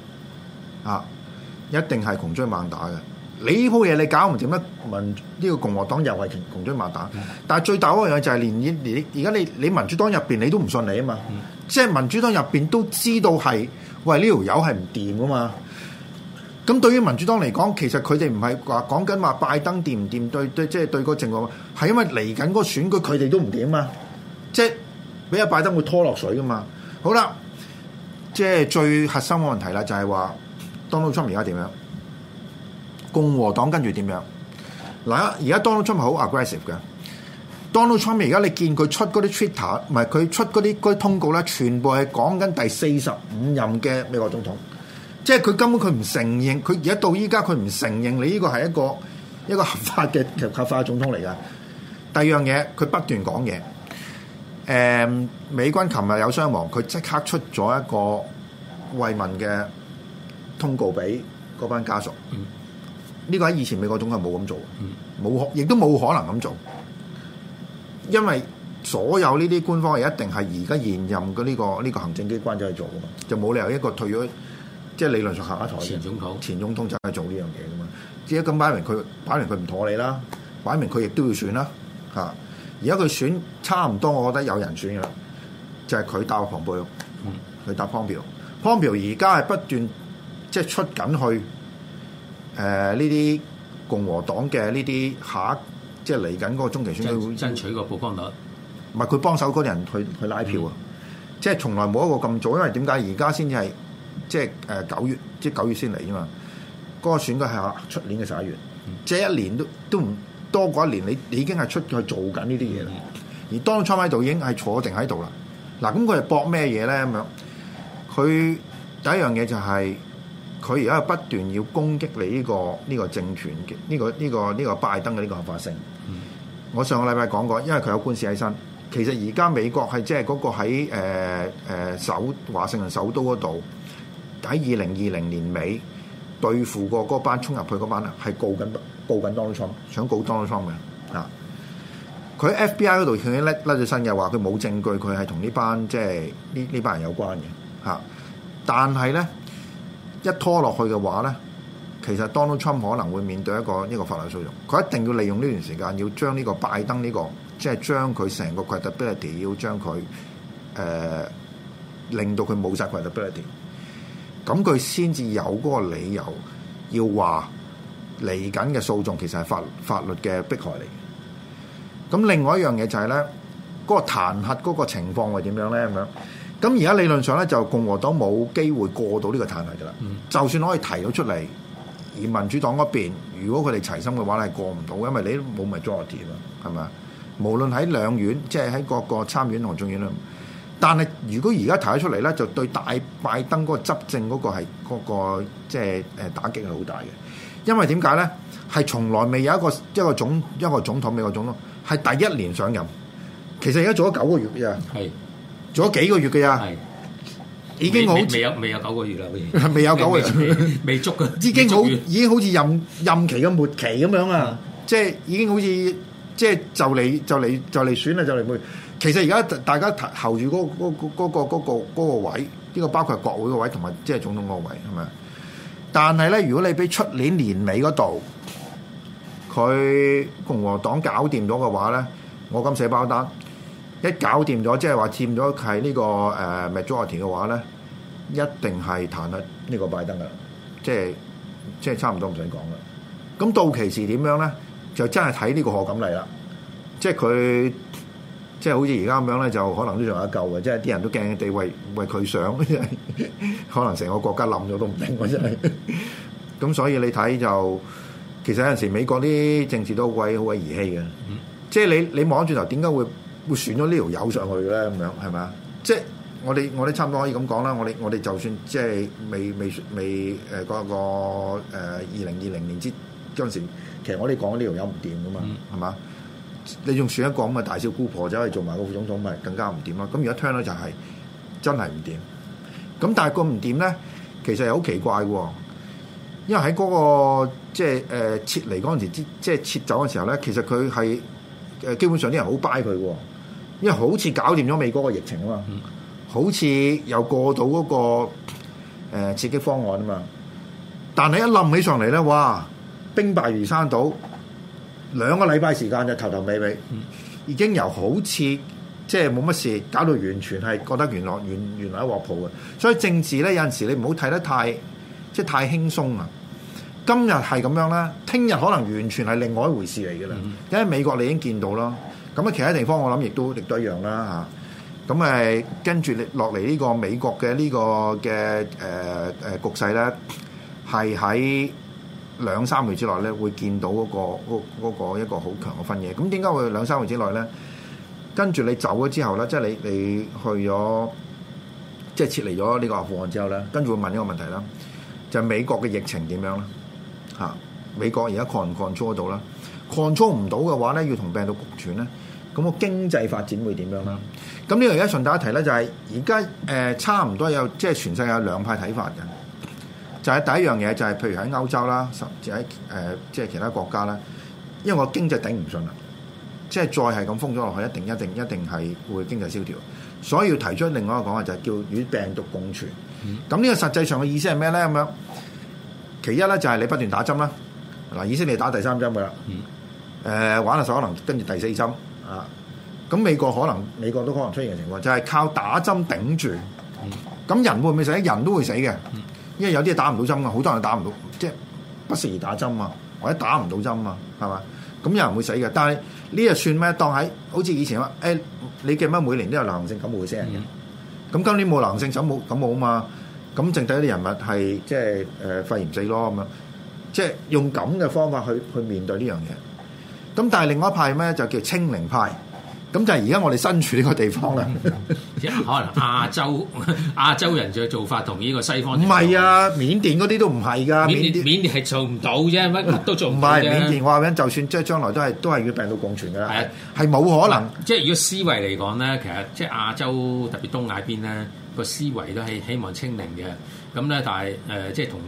啊！一定係窮追猛打嘅。你呢鋪嘢你搞唔掂得民呢、個共和黨又係窮追猛打。但係最大一樣就係連而家你你，你，你民主黨入邊你都唔信你啊嘛。即係民主黨入邊都知道係，喂，呢條友係唔掂噶嘛。咁對於民主黨嚟講，其實佢哋唔係話講緊話拜登掂唔掂，對即係對個政局係因為嚟緊個選舉佢哋都唔掂啊嘛。即係俾阿拜登會拖落水噶嘛。好啦，即係最核心嘅問題啦，就係話。Donald Trump 而家點樣？共和黨跟住點樣？嗱，而家 Donald Trump 好 aggressive 嘅。Donald Trump 而家你見佢出嗰啲 Twitter，唔係佢出嗰啲通告咧，全部係講緊第四十五任嘅美國總統，即係佢根本佢唔承認，佢而家到依家佢唔承認你呢個係一個一個合法嘅合法嘅總統嚟㗎。 第二樣嘢，佢不斷講嘢。誒、嗯，美軍琴日有傷亡，佢即刻出咗一個慰問嘅通告俾嗰班家屬，呢、呢個喺以前美國總統冇咁做，冇亦都冇可能咁做，因為所有呢啲官方係一定係而家現任嘅呢個呢個行政機關、嗯、就去做嘅嘛，就冇理由一個退咗，即係理論上下一台前總統前總統就去做呢樣嘢嘅嘛，至係咁擺明佢擺明佢唔妥你啦，擺明佢亦都要選啦嚇，而家佢選差唔多，我覺得有人選嘅啦，就係佢搭阿蓬佩奧咯，佢搭蓬佩奧，蓬佩奧而家係不斷。即係出緊去，誒呢啲共和黨嘅呢啲下即係嚟緊嗰個中期選舉，爭，爭取個曝光率。唔係佢幫手嗰啲人去去拉票啊！嗯、即係從來冇一個咁早，因為點解而家先至係即係誒九月，即係九月先嚟吖嘛。嗰、嗰個選舉係出年嘅十一月，嗯、即係一年都都唔多過一年你，你已經係出去做緊呢啲嘢啦。嗯、而當初喺度已經係坐定喺度啦。嗱，咁佢係搏咩嘢咧？咁樣，佢第一樣嘢就係、是。佢而家係不斷要攻擊你呢個呢個政權嘅呢個呢個呢個拜登嘅呢個合法性。我上個禮拜講過，因為佢有官司喺身。其實而家美國係即係嗰個喺誒誒首華盛頓首都嗰度，喺二零二零年尾對付過嗰班衝入去嗰班啊，係告緊告緊 Donald Trump，想告 Donald Trump 嘅啊。佢喺 FBI 嗰度跳起甩甩咗身又話，佢冇證據，佢係同呢班即係呢呢班人有關嘅嚇。但係咧。一拖落去嘅話咧，其實 Donald Trump 可能會面對一個一個法律訴訟。佢一定要利用呢段時間，要將呢個拜登呢、呢個，即係將佢成個 credibility 要將佢、呃、令到佢冇晒 credibility，咁佢先至有嗰個理由要話嚟緊嘅訴訟其實係法法律嘅迫害嚟嘅。咁另外一樣嘢就係、係、咧，嗰、嗰個彈劾嗰個情況係點樣咧？咁樣咁而家理論上咧，就共和黨冇機會過到呢個彈劾㗎啦。就算可以提到出嚟，而民主黨嗰邊，如果佢哋齊心嘅話，係過唔到，因為你都冇 majority 啊，係咪啊？無論喺兩院，即係喺各個參院同眾院啦。但係如果而家提咗出嚟咧，就對大拜登嗰個執政嗰個係嗰、嗰個即係誒打擊係好大嘅。因為點解咧？係從來未有一個一個總一個總統美國總統係第一年上任，其實而家做咗九個月啫。係。做咗幾個月嘅呀，已經好未，未，未有未有九個月啦，未有九個月，未足嘅，抓已經好已經好似任任期嘅末期咁樣啊！嗯、即係已經好似即係就嚟就嚟就嚟選啦，就嚟會。其實而家大家候住嗰個嗰、嗰個、嗰個嗰嗰、嗰個、位，呢、呢個包括係國會個位同埋即係總統個位係咪？但係咧，如果你俾出年年尾嗰度，佢共和黨搞掂咗嘅話咧，我今寫包單。一搞掂咗，即、就、係、是、話佔咗係呢個誒 majority 嘅話咧，一定係彈劾呢個拜登噶、就是，即係即係差唔多唔想講啦。咁到期時點樣咧？就真係睇呢個賀錦麗啦，即係佢即係好似而家咁樣咧，就可能都仲有一嚿嘅，即係啲人都驚佢哋為為佢想， 可能成個國家冧咗都唔定，真係。咁 所以你睇就其實有陣時候美國啲政治都好鬼好鬼兒戲嘅，即係、嗯、你你望轉頭點解會？會選咗呢條友上去咧，咁樣係咪啊？即係我哋我哋差唔多可以咁講啦。我哋我哋就算即係未未未誒嗰個二零二零年之嗰陣時其實我哋講呢條友唔掂噶嘛，係嘛？你仲選一個咁嘅大小姑婆走去、就是、做埋個副總統，咪、就是、更加唔掂咯？咁而家聽咧就係、是、真係唔掂。咁但係個唔掂咧，其實係好奇怪喎。因為喺嗰、那個即係誒、呃、撤離嗰陣時即係撤走嘅時候咧，其實佢係誒基本上啲人好 buy 佢喎。因為好似搞掂咗美國個疫情啊嘛，好似又過到嗰個、呃、刺激方案啊嘛，但係一諗起上嚟咧，哇，兵敗如山倒，兩個禮拜時間就頭頭尾尾，嗯、已經由好似即係冇乜事，搞到完全係覺得原來原原來一鑊泡嘅。所以政治咧，有陣時你唔好睇得太即係太輕鬆啊。今日係咁樣啦，聽日可能完全係另外一回事嚟嘅啦。嗯、因為美國你已經見到咯。咁啊，其他地方我諗亦都亦都一樣啦嚇。咁、啊、誒、啊，跟住你落嚟呢個美國嘅、這個呃呃、呢個嘅誒誒局勢咧，係喺兩三個月之內咧，會見到嗰、那個那個一個好強嘅分野。咁點解會兩三個月之內咧？跟住你走咗之後咧，即係你你去咗，即係撤離咗呢個阿富汗之後咧，跟住會問呢個問題啦，就係、是、美國嘅疫情點樣啦？嚇、啊，美國而家抗唔抗制得到啦？控制唔到嘅話咧，要同病毒共存咧，咁、那個經濟發展會點樣咧？咁呢度而家順帶一提咧，就係而家誒差唔多有即係全世界有兩派睇法嘅，就係、是、第一樣嘢就係，譬如喺歐洲啦，甚至喺誒、呃、即係其他國家啦，因為我經濟頂唔順啦，即係再係咁封咗落去，一定一定一定係會經濟蕭條，所以要提出另外一個講話，就係叫與病毒共存。咁呢、嗯、個實際上嘅意思係咩咧？咁樣，其一咧就係你不斷打針啦，嗱，以色列打第三針噶啦。嗯誒玩下手可能跟住第四針啊！咁美國可能美國都可能出現嘅情況，就係靠打針頂住。咁、嗯、人會唔會死？人都會死嘅，嗯、因為有啲打唔到針啊，好多人打唔到，即係不適宜打針啊，或者打唔到針啊，係嘛？咁有人會死嘅，但係呢又算咩？當喺好似以前話誒、哎，你記唔記得每年都有流行性感冒會死人嘅？咁、嗯、今年冇流行性感冒，感冒啊嘛，咁剩低啲人物係即係誒肺炎死咯咁樣，即係用咁嘅方法去去面對呢樣嘢。咁但係另外一派咩，就叫清零派，咁就係而家我哋身處呢個地方啦、嗯。可能亞洲亞 洲人嘅做法同呢個西方唔係啊，緬甸嗰啲都唔係噶。緬甸緬甸係做唔到啫，乜都做唔到啫。唔係緬甸，我話緊就算即係將來都係都係要病毒共存噶啦。係係冇可能即。即係如果思維嚟講咧，其實即係亞洲特別東亞邊咧個思維都係希望清零嘅。咁咧，但係、呃、即係同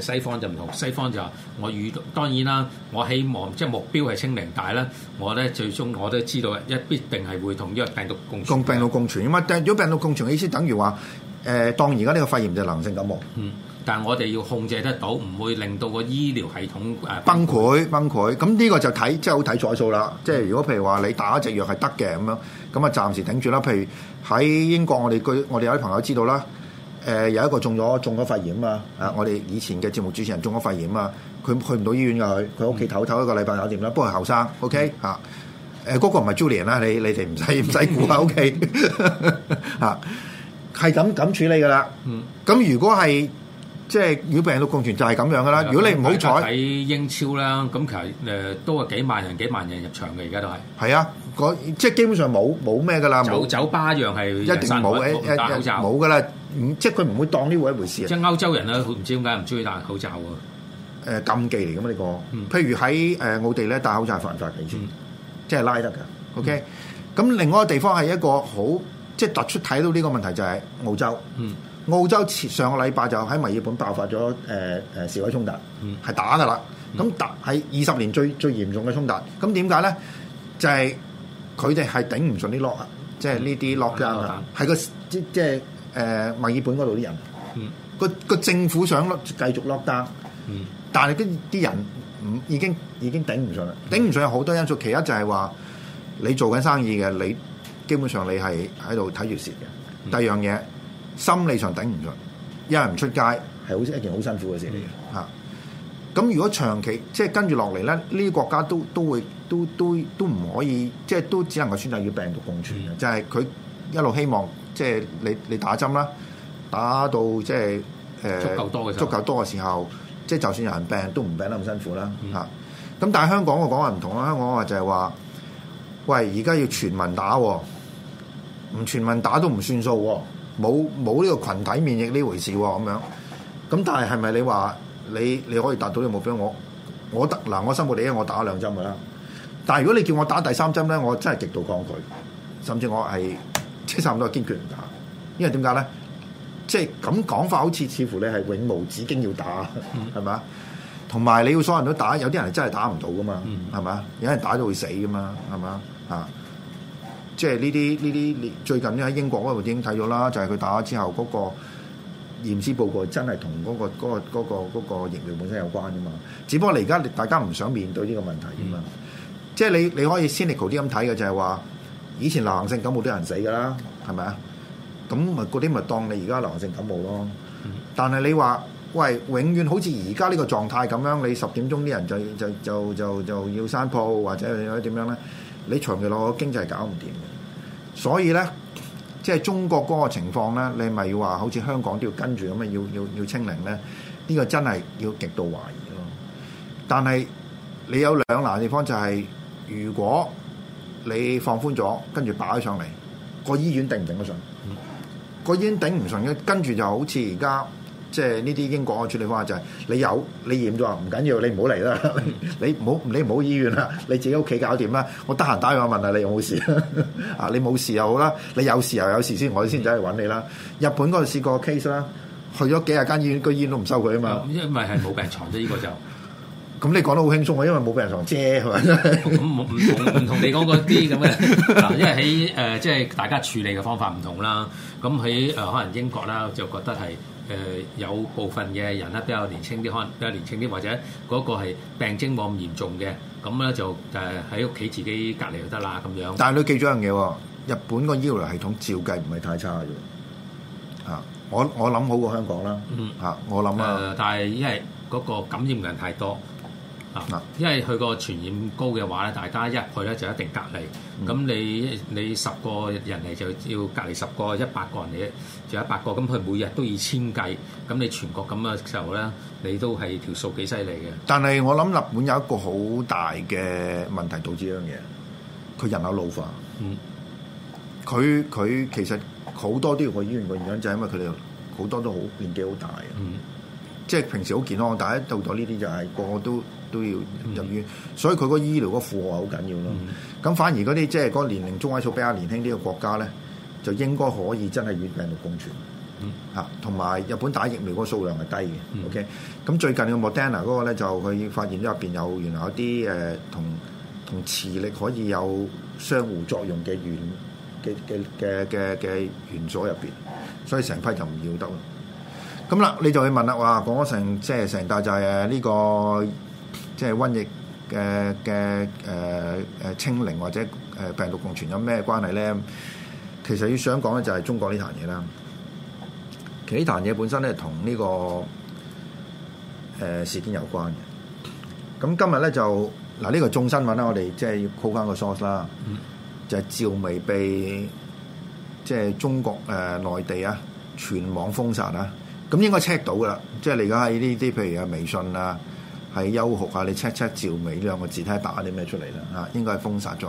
西方就唔同。西方就話我遇到當然啦，我希望即係目標係清零，但係咧，我咧最終我都知道一必定係會同呢個病毒共共、嗯、病毒共存。咁啊，如果病毒共存，意思等於話誒，當而家呢個肺炎就流行性感冒。嗯，但係我哋要控制得到，唔會令到個醫療系統崩、啊、潰崩潰。咁呢個就睇即係好睇彩數啦。即係如果譬如話你打一隻藥係得嘅咁樣，咁啊，暫時頂住啦。譬如喺英國我，我哋據我哋有啲朋友知道啦。誒有一個中咗中咗肺炎啊嘛！啊，我哋以前嘅節目主持人中咗肺炎啊嘛，佢去唔到醫院噶佢，佢屋企唞唞一個禮拜搞掂啦。不過後生，OK 啊？誒，嗰個唔係 Julian 啦，你你哋唔使唔使顧啦，OK 啊？係咁咁處理噶啦。嗯，咁如果係即係與病毒共存就係咁樣噶啦。如果你唔好彩喺英超啦，咁其實誒都係幾萬人幾萬人入場嘅而家都係。係啊，嗰即係基本上冇冇咩噶啦，酒酒吧樣係一定冇嘅，冇嘅啦。嗯，即係佢唔會當呢個一回事啊！即係歐洲人咧，唔知點解唔中意戴口罩喎，啊？誒，禁忌嚟嘅嘛呢個。譬如喺誒奧地咧戴口罩係犯法嘅，先、嗯、即係拉得嘅。嗯、OK。咁另外一個地方係一個好即係突出睇到呢個問題就係澳洲。嗯。澳洲前上個禮拜就喺墨爾本爆發咗誒誒示威衝突，係、嗯、打嘅啦。咁打係二十年最最嚴重嘅衝突。咁點解咧？就係佢哋係頂唔順啲 lock，即係呢啲 lockdown 即即係。誒墨、呃、爾本嗰度啲人，嗯、個個政府想落繼續 lock down、嗯，但係啲人唔已經已經頂唔順啦，頂唔順有好多因素，嗯、其一就係話你做緊生意嘅，你基本上你係喺度睇住蝕嘅；第二樣嘢心理上頂唔順，有人唔出街係好似一件好辛苦嘅事嚟嘅。咁如果長期即係、就是、跟住落嚟咧，呢啲國家都都會都都都唔可以，即、就、係、是、都只能夠選擇與病毒共存嘅，嗯、就係佢一路希望。即係你你打針啦，打到即係誒、呃、足夠多嘅足夠多嘅時候，即係就算有人病都唔病得咁辛苦啦嚇。咁、嗯、但係香港嘅講話唔同啦，香港話就係話，喂而家要全民打，唔全民打都唔算數，冇冇呢個群體免疫呢回事喎咁樣。咁但係係咪你話你你可以達到呢個目標？我我得嗱，我三個月咧，我打兩針嘅啦。但係如果你叫我打第三針咧，我真係極度抗拒，甚至我係。即差唔多，堅決唔打，因為點解咧？即係咁講法，好似似乎你係永無止境要打，係咪啊？同埋你要所有人都打，有啲人係真係打唔到噶嘛，係咪啊？有人打到會死噶嘛，係咪啊？啊！即係呢啲呢啲，最近喺英國嗰度已經睇咗啦，就係、是、佢打咗之後嗰個驗屍報告真係同嗰個嗰、嗰個嗰個嗰個疫苗本身有關噶嘛。只不過你而家大家唔想面對呢個問題噶嘛。嗯、即係你你可以 cynical 啲咁睇嘅，就係話。以前流行性感冒都有人死㗎啦，係咪啊？咁咪嗰啲咪當你而家流行性感冒咯。但係你話喂，永遠好似而家呢個狀態咁樣，你十點鐘啲人就就就就就要閂鋪或者點樣咧？你長期落去經濟係搞唔掂嘅。所以咧，即係中國嗰個情況咧，你咪要話好似香港都要跟住咁樣，要要要清零咧？呢個真係要極度懷疑咯。但係你有兩難嘅地方就係如果。你放寬咗，跟住擺咗上嚟，醫院定唔定嗯、個醫院頂唔頂得順？個醫院頂唔順嘅，跟住就好似而家，即係呢啲英國嘅處理方法就係，你有你驗咗啊，唔緊、嗯、 要，你唔好嚟啦，你唔好你唔好醫院啦，你自己屋企搞掂啦。我得閒打個電話問下你有冇事啊， 你冇事又好啦，你有事又有事先，我哋先走去搵你啦。日本嗰度試過 case 啦，去咗幾廿間醫院，個醫院都唔收佢啊嘛，因為係冇病床啫，呢個就。咁你講得好輕鬆啊，因為冇病人床啫係嘛？咁唔唔同唔同你講嗰啲咁嘅，因為喺誒即係大家處理嘅方法唔同啦。咁喺誒可能英國啦，就覺得係誒、呃、有部分嘅人咧比較年輕啲，可能比較年輕啲，或者嗰個係病徵冇咁嚴重嘅，咁咧就誒喺屋企自己隔離就得啦咁樣。但係你記咗樣嘢喎，日本個醫療系統照計唔係太差嘅喎。啊，我我諗好過香港啦。嗯、啊。我諗啊。呃呃、但係因為嗰個感染嘅人太多。啊！因為佢個傳染高嘅話咧，大家一去咧就一定隔離。咁、嗯、你你十個人嚟就要隔離十個、一百個人嚟就一百個。咁佢每日都以千計，咁你全國咁嘅時候咧，你都係條數幾犀利嘅。但係我諗日本有一個好大嘅問題導致一樣嘢，佢人口老化。嗯，佢佢其實好多都要去醫院嘅原因就係因為佢哋好多都好年紀好大。嗯，即係平時好健康，但係一到咗呢啲就係個個都。都要入院，嗯、所以佢個醫療個負荷係好緊要咯。咁、嗯、反而嗰啲即係嗰個年齡中位數比較年輕啲嘅國家咧，就應該可以真係與病毒共存。嚇、嗯，同埋日本打疫苗嗰個數量係低嘅。嗯、OK，咁最近個 Moderna 嗰個咧就佢發現咗入邊有原來有啲誒、呃、同同磁力可以有相互作用嘅元嘅嘅嘅嘅嘅元素入邊，所以成批就唔要得啦。咁啦，你就去問啦，哇，講咗成即係成大就係呢個。即係瘟疫嘅嘅誒誒清零或者誒病毒共存有咩關係咧？其實要想講咧，就係中國呢壇嘢啦。其實呢壇嘢本身咧同呢個誒、呃、事件有關嘅。咁今日咧就嗱呢個眾新聞啦，我哋即係要 call 翻個 source 啦。嗯、就係趙薇被即係、就是、中國誒、呃、內地啊全網封殺啦、啊。咁應該 check 到噶啦，即係你而家喺呢啲譬如啊微信啊。係優酷下，你 check check 趙薇兩個字睇下打啲咩出嚟啦？嚇，應該係封殺咗。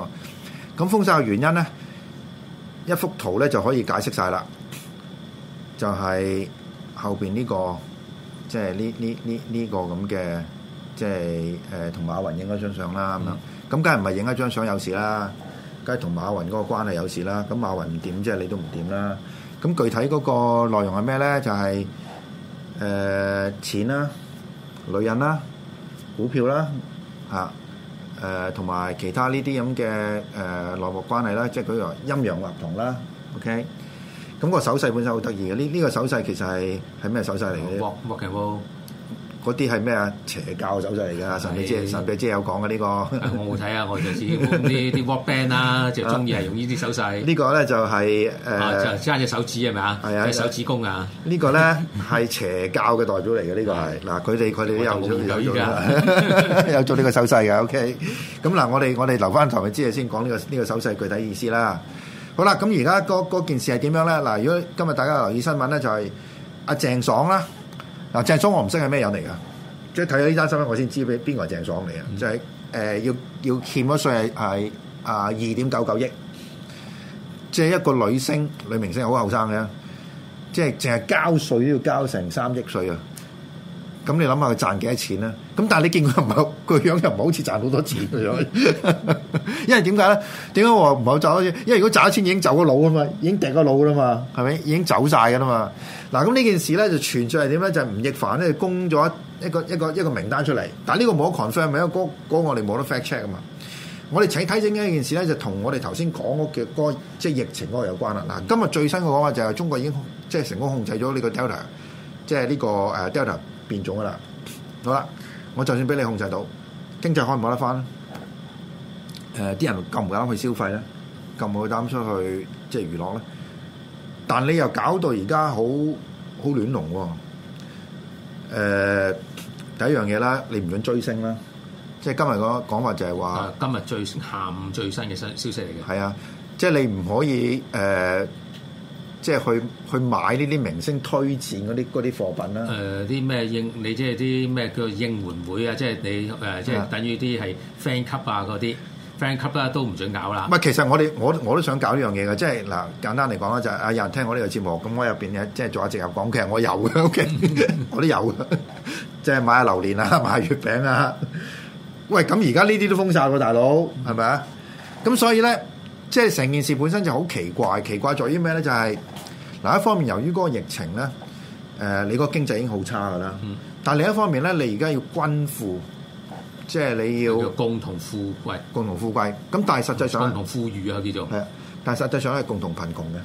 咁封殺嘅原因咧，一幅圖咧就可以解釋晒啦。就係後面呢個，即係呢呢呢呢個咁嘅，即係同馬雲影一張相啦咁樣。咁梗係唔係影一張相有事啦？梗係同馬雲嗰個關係有事啦。咁馬雲唔掂，即係你都唔掂啦。咁具體嗰個內容係咩咧？就係、是、誒、呃、錢啦，女人啦。股票啦，吓、啊，誒、呃，同埋其他呢啲咁嘅誒內幕關係啦，即係佢個陰陽合同啦，OK，咁個手勢本身好得意嘅，呢、這、呢個手勢其實係係咩手勢嚟嘅？握握、呃呃呃呃呃呃嗰啲係咩啊？邪教手勢嚟㗎！神秘姐，神秘姐有講嘅呢個。我冇睇啊，我哋知啲啲 rock band 啦，就中意係用呢啲手勢。呢個咧就係誒，就係揸隻手指係咪啊？係啊，隻手指公啊！呢個咧係邪教嘅代表嚟嘅，呢個係嗱，佢哋佢哋好有有做嘅，有做呢個手勢嘅。OK，咁嗱，我哋我哋留翻神秘姐先講呢個呢個手勢具體意思啦。好啦，咁而家個個件事係點樣咧？嗱，如果今日大家留意新聞咧，就係阿鄭爽啦。嗱，鄭爽我唔識係咩人嚟噶，即係睇咗呢單新聞我先知俾邊個係鄭爽嚟啊？即係誒要要欠咗稅係啊二點九九億，即係一個女星女明星好後生嘅，即係淨係交稅都要交成三億稅啊！咁你諗下佢賺幾多錢咧？咁但係你見佢唔係個樣又唔係好似賺好多錢嘅樣，因為點解咧？點解我話唔係好賺多錢？因為如果賺咗錢已經走咗佬啊嘛，已經掉咗佬啦嘛，係咪 已經走晒嘅啦嘛？嗱，咁呢件事咧就傳說係點咧？就係吳亦凡咧供咗一個一個一個名單出嚟，但係呢個冇得 confirm，咪有嗰嗰我哋冇得 fact check 啊嘛。我哋睇睇正經嘅一件事咧，就同我哋頭先講嘅嗰個即係疫情嗰個有關啦。嗱，今日最新嘅講法就係中國已經即係成功控制咗呢個 Delta，即係呢個誒 Delta。變種噶啦，好啦，我就算俾你控制到，經濟開唔開得翻咧？誒、呃，啲人夠唔夠膽去消費咧？夠唔夠膽出去即係娛樂咧？但你又搞到而家好好亂龍喎、哦呃。第一樣嘢啦，你唔准追星啦。即係今日個講法就係話、啊，今日最下午最新嘅新消息嚟嘅。係啊，即係你唔可以誒。呃即係去去買呢啲明星推薦嗰啲啲貨品啦。誒啲咩應你即係啲咩叫應援會啊？即係你誒即係等於啲係 fan club 啊嗰啲 fan club 啦，都唔準搞啦。唔係，其實我哋我我都想搞呢樣嘢嘅，即係嗱簡單嚟講啦，就係、是、啊有人聽我呢個節目，咁我入邊即係做下植入廣告，我有嘅，OK，我都有嘅，即係買下榴蓮啊，買下月餅啊。喂，咁而家呢啲都封晒喎，大佬係咪啊？咁所以咧，即係成件事本身就好奇怪，奇怪在於咩咧？就係、是。嗱一方面由於嗰個疫情咧，誒你個經濟已經好差噶啦，但係另一方面咧，你而家要均富，即係你要共同富貴，共同富貴。咁但係實際上共同富裕啊叫做係啊，但係實際上係共，共同貧窮嘅。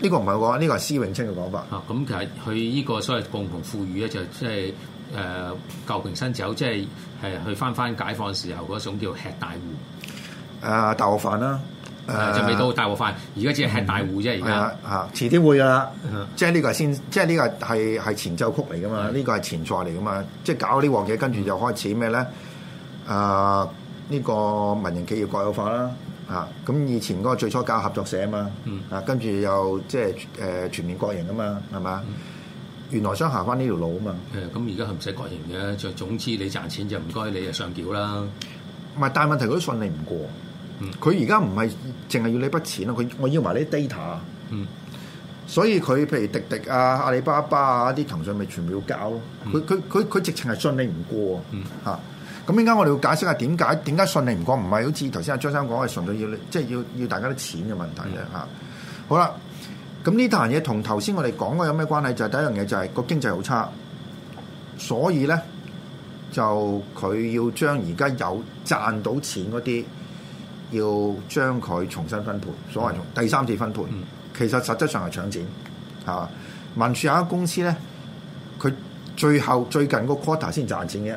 呢個唔係我講，呢個係施永青嘅講法。啊，咁其實佢呢個所謂共同富裕咧，就即係誒舊瓶新酒，即係係去翻翻解放時候嗰種叫吃大戶，誒、啊、大鑊飯啦、啊。誒，啊、就未到大鑊飯，而家只係吃大戶啫。而家啊，遲、啊、啲會噶啦，啊、即係呢個係先，即係呢個係係前奏曲嚟噶嘛？呢個係前菜嚟噶嘛？即係搞呢鑊嘢，跟住又開始咩咧？誒、啊，呢、這個民營企業國有化啦，咁、啊、以前嗰個最初搞合作社啊嘛，啊跟住又即係誒全面國營噶嘛，係嘛？嗯、原來想行翻呢條路啊嘛？咁而家佢唔使國營嘅，就總之你賺錢就唔該你啊上繳啦。唔係，但問題佢都信你唔過。佢而家唔係淨係要你筆錢咯，佢，我要埋啲 data。嗯，所以佢譬如滴滴啊、阿里巴巴啊啲騰訊咪全部要交咯。佢佢佢佢直情係信你唔過、嗯、啊。吓，咁點解我哋要解釋下點解？點解信你唔過？唔係好似頭先阿張生講係純粹要即係、就係、要要大家啲錢嘅問題嘅吓、嗯啊。好啦，咁呢層嘢同頭先我哋講過有咩關係？就係、第一樣嘢就係個經濟好差，所以咧就佢要將而家有賺到錢嗰啲。要將佢重新分配，所謂從第三次分配，其實實質上係搶錢嚇。文書有間公司咧，佢最後最近個 quarter 先賺錢嘅，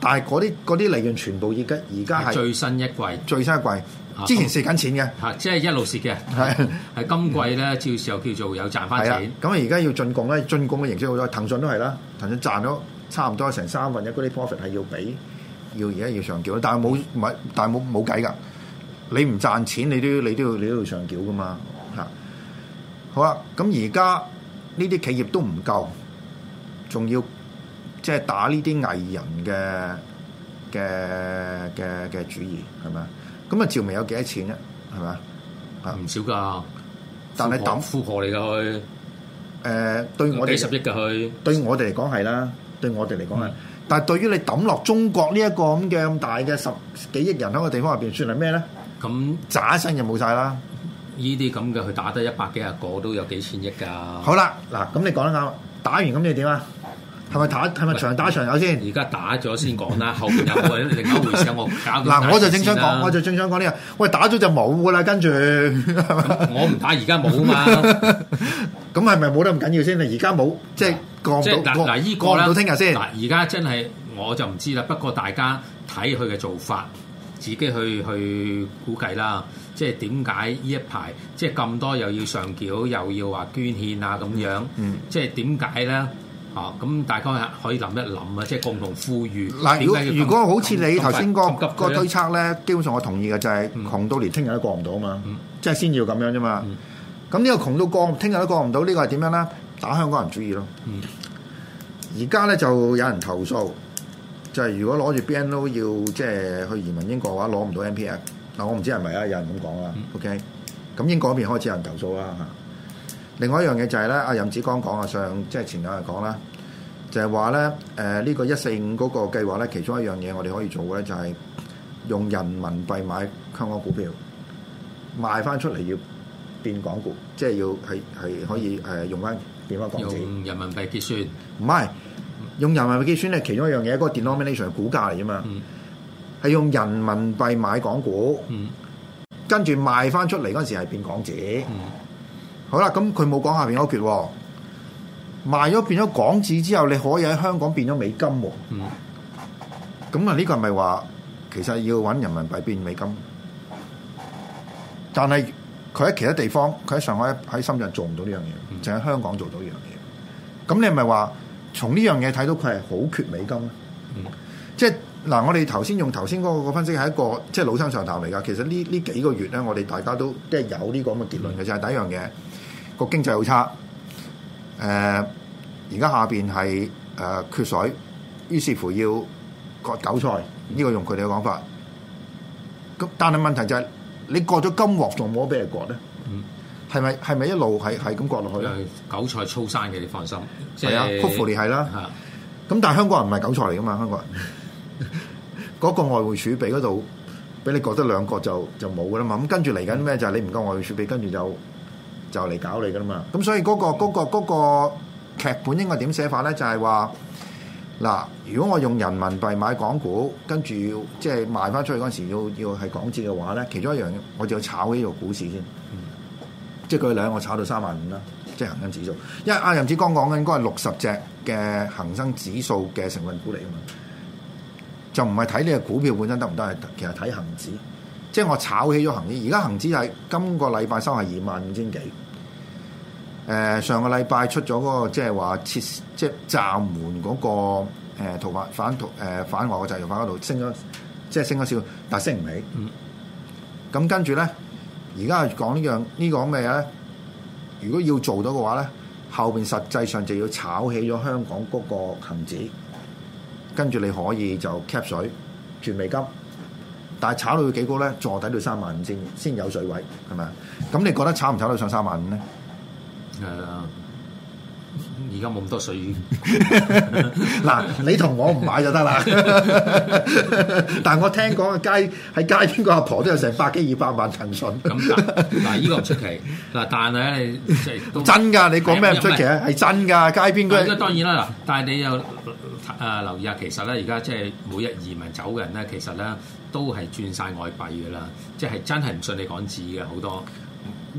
但係嗰啲啲利潤全部而家而家係最新一季，最新一季之前蝕緊錢嘅嚇，即係、啊嗯就係、一路蝕嘅，係今季咧照時候叫做有賺翻錢。咁而家要進貢咧，進貢嘅形式好多，騰訊都係啦，騰訊賺咗，差唔多成三分一嗰啲 profit 係要俾，要而家要，要上繳，但係冇唔但係冇冇計㗎。你唔賺錢，你都你都要你都你都要上繳㗎嘛？嚇，好啊！咁而家呢啲企業都唔夠，仲要即係、就是、打呢啲藝人嘅嘅嘅嘅主意係咪？咁啊趙薇有幾多錢啊？係咪啊？唔少㗎，但係抌富婆嚟㗎佢，誒串、呃，對我哋幾十億㗎佢。對我哋嚟講係啦，對我哋嚟講係。但係對於你抌落中國呢一個咁嘅咁大嘅十幾億人喺個地方入邊，算係咩咧？咁渣一身就冇晒啦！呢啲咁嘅佢打得一百幾廿個都有幾千億㗎。好啦，嗱，咁你講得啱，打完咁你點啊？係咪打，係咪長打長有先？而家打咗先講啦，後邊有冇 你搞回事啊？我嗱，我就正想講，我就正想講呢、呢個，喂，打咗就冇㗎啦，跟住 我唔打，而家冇嘛？咁係咪冇得咁緊要即先？而家冇即係降到嗱依個啦，到聽日先。嗱，而家真係我就唔知啦，不過大家睇佢嘅做法。自己去去估計啦，即係點解呢一排即係咁多又要上繳，又要話捐獻啊咁樣，嗯、即係點解咧？啊，咁大概可以諗一諗啊，即係共同富裕。嗱，如果好似你頭先個個推測咧，基本上我同意嘅就係窮到連聽日都過唔到啊嘛，嗯、即係先要咁樣啫嘛。咁呢、嗯、個窮到過聽日都過唔到，呢個係點樣咧？打香港人主意咯。而家咧就有人投訴。就係如果攞住 BNO 要即係去移民英國嘅話，攞唔到 NPS。嗱，我唔知係咪啊，有人咁講啊。嗯、OK，咁英國嗰邊開始有人投訴啦嚇。另外一樣嘢就係、是、咧，阿任志剛講啊，上即係、就是、前兩日講啦，就係話咧誒呢個一四五嗰個計劃咧，其中一樣嘢我哋可以做嘅咧，就係用人民幣買香港股票，賣翻出嚟要變港股，即係要係係可以誒用翻變翻港紙。用人民幣結算？唔係。用人民幣結算咧，其中一樣嘢，嗰、那個 denomination 係股價嚟啫嘛，係、嗯、用人民幣買港股，跟住、嗯、賣翻出嚟嗰時係變港紙。嗯、好啦，咁佢冇講下邊嗰橛，賣咗變咗港紙之後，你可以喺香港變咗美金。咁啊、嗯，呢個係咪話其實要揾人民幣變美金？但係佢喺其他地方，佢喺上海、喺深圳做唔到呢樣嘢，淨喺、嗯、香港做到呢樣嘢。咁你係咪話？從呢樣嘢睇到佢係好缺美金，嗯、即係嗱，我哋頭先用頭先嗰個分析係一個即係老生常談嚟噶。其實呢，呢幾個月咧，我哋大家都即係有呢個咁嘅結論嘅，嗯、就係第一樣嘢，個經濟好差。誒、呃，而家下邊係誒缺水，於是乎要割韭菜。呢個用佢哋嘅講法。咁但係問題就係，你割咗金鑊仲冇俾人割咧？嗯係咪係咪一路係係咁割落去咧？韭菜粗生嘅，你放心。係啊 c o 係啦。咁但係香港人唔係韭菜嚟噶嘛？香港人嗰 個外匯儲備嗰度，俾你割得兩割就就冇噶啦嘛。咁跟住嚟緊咩？就係你唔夠外匯儲備，跟住就就嚟搞你噶啦嘛。咁所以嗰個嗰個嗰個劇本應該點寫法咧？就係話嗱，如果我用人民幣買港股，跟住即係賣翻出去嗰陣時候要，要要係港紙嘅話咧，其中一樣我就要炒呢個股市先。即係佢兩，我炒到三萬五啦，即係恆生指數。因為阿任志剛講緊，應該係六十隻嘅恒生指數嘅成分股嚟啊嘛，就唔係睇呢隻股票本身得唔得，係其實睇恒指。即係我炒起咗恒指，而家恒指係今個禮拜三係二萬五千幾。誒、呃，上個禮拜出咗嗰、嗰個、就是、即係話設即係暫緩嗰、嗰個逃法、呃、反逃誒、呃、反華嘅制裁法嗰度，升咗，即係升咗少，但係升唔起。咁、嗯、跟住咧。而家講呢樣呢個咩咧？如果要做到嘅話咧，後邊實際上就要炒起咗香港嗰個恆指，跟住你可以就 cap 水，存美金，但係炒到佢幾高咧？坐底到三萬五先先有水位，係咪啊？咁你覺得炒唔炒到上三萬五咧？係啊。而家冇咁多水魚，嗱 你同我唔買就得啦。但係我聽講啊，在街喺街邊個阿婆都有成百幾、二百萬騰訊。咁嗱，呢個唔出奇。嗱，但係你真真噶，你講咩唔出奇？係真噶，街邊嗰啲。咁當然啦。嗱，但係你又啊、呃、留意下，其實咧，而家即係每日移民走嘅人咧，其實咧都係轉晒外幣噶啦，即係真係唔信你港紙嘅好多。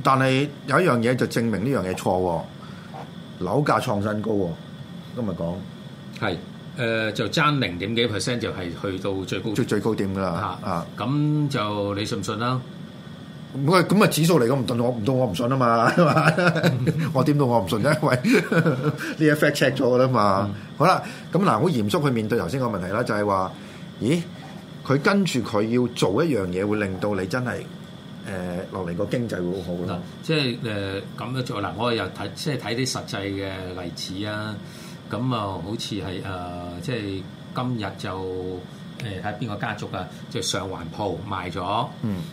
但係有一樣嘢就證明呢樣嘢錯。樓價創新高喎，今日講係誒就爭零點幾 percent 就係、是、去到最高最最高點㗎啦是啊、咁、嗯、就你信唔信啦？唔咁啊指數嚟講唔信 我唔到我唔信啊 嘛，我點到我唔信啫，因為呢一 fact check 咗㗎啦嘛。好啦，咁嗱好嚴肅去面對頭先個問題啦，就係、是、話，咦佢跟住佢要做一樣嘢，會令到你真係。誒落嚟個經濟會好好咯、嗯，即係誒咁樣做嗱、呃，我又睇即係睇啲實際嘅例子啊，咁啊好似係誒即係今日就誒喺邊個家族啊，即係上環鋪賣咗，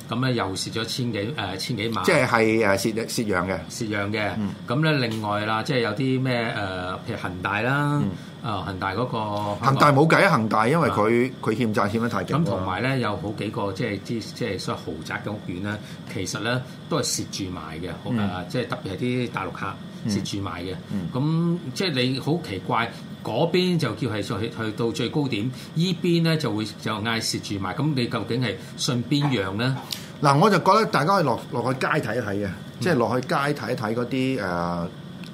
咁咧、嗯、又蝕咗千幾誒、呃、千幾萬，即係係誒蝕蝕陽嘅，蝕陽嘅，咁咧另外啦，即係有啲咩誒，譬如恒大啦。嗯啊！恒大嗰個恒大冇計啊！恒大因為佢佢、嗯、欠債欠得太勁。咁同埋咧，有好幾個即係啲即係所謂豪宅嘅屋苑咧，其實咧都係蝕住賣嘅，誒即係特別係啲大陸客蝕住賣嘅。咁、嗯嗯、即係你好奇怪，嗰邊就叫係去到最高點，依邊咧就會就嗌蝕住賣。咁你究竟係信邊樣咧？嗱、啊，我就覺得大家可以落落去街睇一睇啊！即係落去街睇一睇嗰啲誒。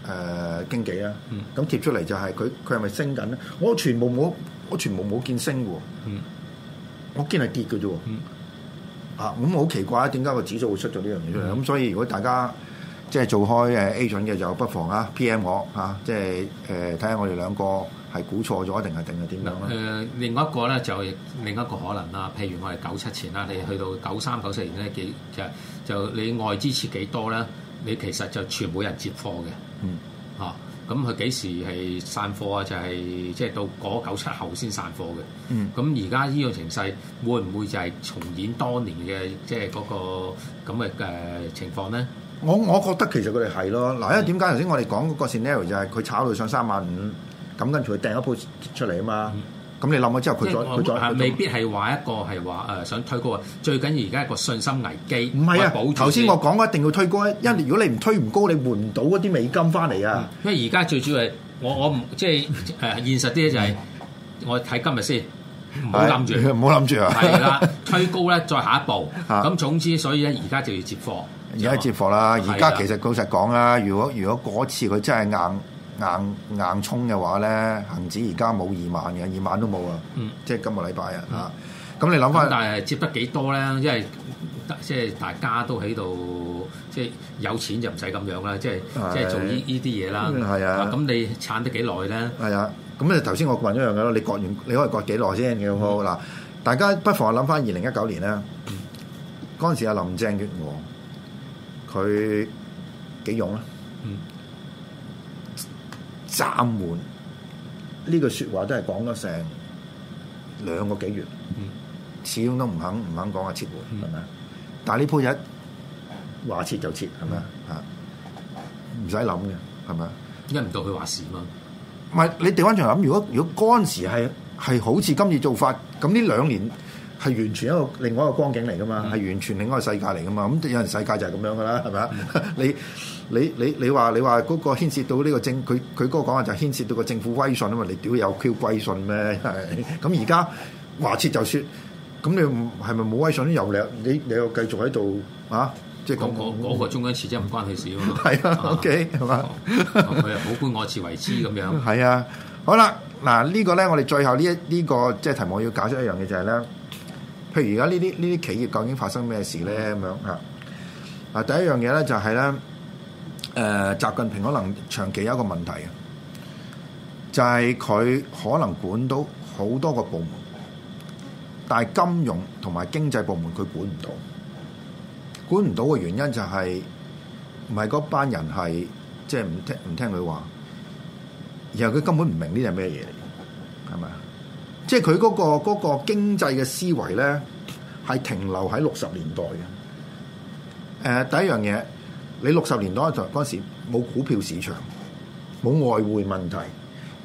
誒經紀啊，咁貼出嚟就係佢佢係咪升緊咧？我全部冇，我全部冇見升喎，嗯、我見係跌嘅啫。嗯、啊，咁好奇怪啊！點解個指數會出咗呢樣嘢？咁所以如果大家即係做開 agent 嘅，就不妨啊，PM 我啊，即係睇下我哋兩個係估錯咗定係定係點樣咧、啊呃？另外一個咧就另一個可能啦，譬如我係九七前啦，你去到九三九四年咧幾就就你外資持幾多咧？你其實就全部人接貨嘅，嗯，嚇，咁佢幾時係散貨啊？貨就係即係到嗰九七後先散貨嘅，嗯，咁而家呢個情勢會唔會就係重演當年嘅即係嗰個咁嘅情況咧？我我覺得其實佢哋係咯，嗱，嗯，因為點解頭先我哋講個 scenario 就係佢炒到上三萬五，咁跟住佢訂一鋪出嚟啊嘛。嗯咁你諗咗之後，佢再，佢再，未必係話一個係話誒想推高。最緊要而家一個信心危機。唔係啊，頭先我講，我一定要推高，嗯、因為如果你唔推唔高，你換唔到嗰啲美金翻嚟啊。因為而家最主要係我我唔即係誒現實啲咧、就係，就係、嗯、我睇今日先，唔好諗住，唔好諗住啊。係啦、啊，了 推高咧再下一步。咁、啊、總之，所以咧而家就要接貨。而家接貨啦。而家、啊、其實老實講啦，如果如果嗰次佢真係硬。硬硬衝嘅話咧，恒指而家冇二萬嘅，二萬都冇啊！即係今個禮拜啊！咁你諗翻，但係接得幾多咧？即係即大家都喺度，即係有錢就唔使咁樣啦，即係是即做呢啲嘢啦。啊，咁、啊、你撐得幾耐咧？啊，咁你頭先我問一樣嘅咯，你割完你可以割幾耐先？好好嗱？大家不妨諗翻二零一九年咧，嗰、嗯、陣時阿林鄭月娥佢幾勇啊？用嗯。暫緩呢句說話都係講咗成兩個幾月，始終都唔肯唔肯講啊撤回，係咪、嗯、吧但係呢鋪嘢話撤就撤，係咪啊？唔使諗嘅，係咪啊？點解唔到佢話事啊？唔係你調翻轉諗，如果如果嗰陣時係係好似今次做法，咁呢兩年係完全一個另外一個光景嚟噶嘛？係、嗯、完全另外一個世界嚟噶嘛？咁有人世界就係咁樣噶啦，係咪啊？你。你你你話你話嗰個牽涉到呢個政佢佢個講啊，話就牽涉到個政府威信啊嘛！你屌有 Q 威信咩？咁而家話切就説，咁你係咪冇威信都有力？你你又繼續喺度啊？即係嗰嗰個中央詞即係唔關佢事啊，係啊，OK，係啊，佢啊好官我自為之咁樣。係 啊，好啦，嗱、這個、呢個咧，我哋最後呢一呢個即係題目要搞出一樣嘢就係、是、咧，譬如而家呢啲呢啲企業究竟發生咩事咧咁樣啊？嗱，第一樣嘢咧就係、是、咧。誒，習近平可能長期有一個問題啊，就係佢可能管到好多個部門，但係金融同埋經濟部門佢管唔到，管唔到嘅原因就係唔係嗰班人係即係唔聽唔聽佢話，然後佢根本唔明呢啲係咩嘢，嚟，係咪啊？即係佢嗰個嗰個經濟嘅思維咧，係停留喺六十年代嘅。誒，第一樣嘢。你六十年代嗰陣嗰時冇股票市場，冇外匯問題，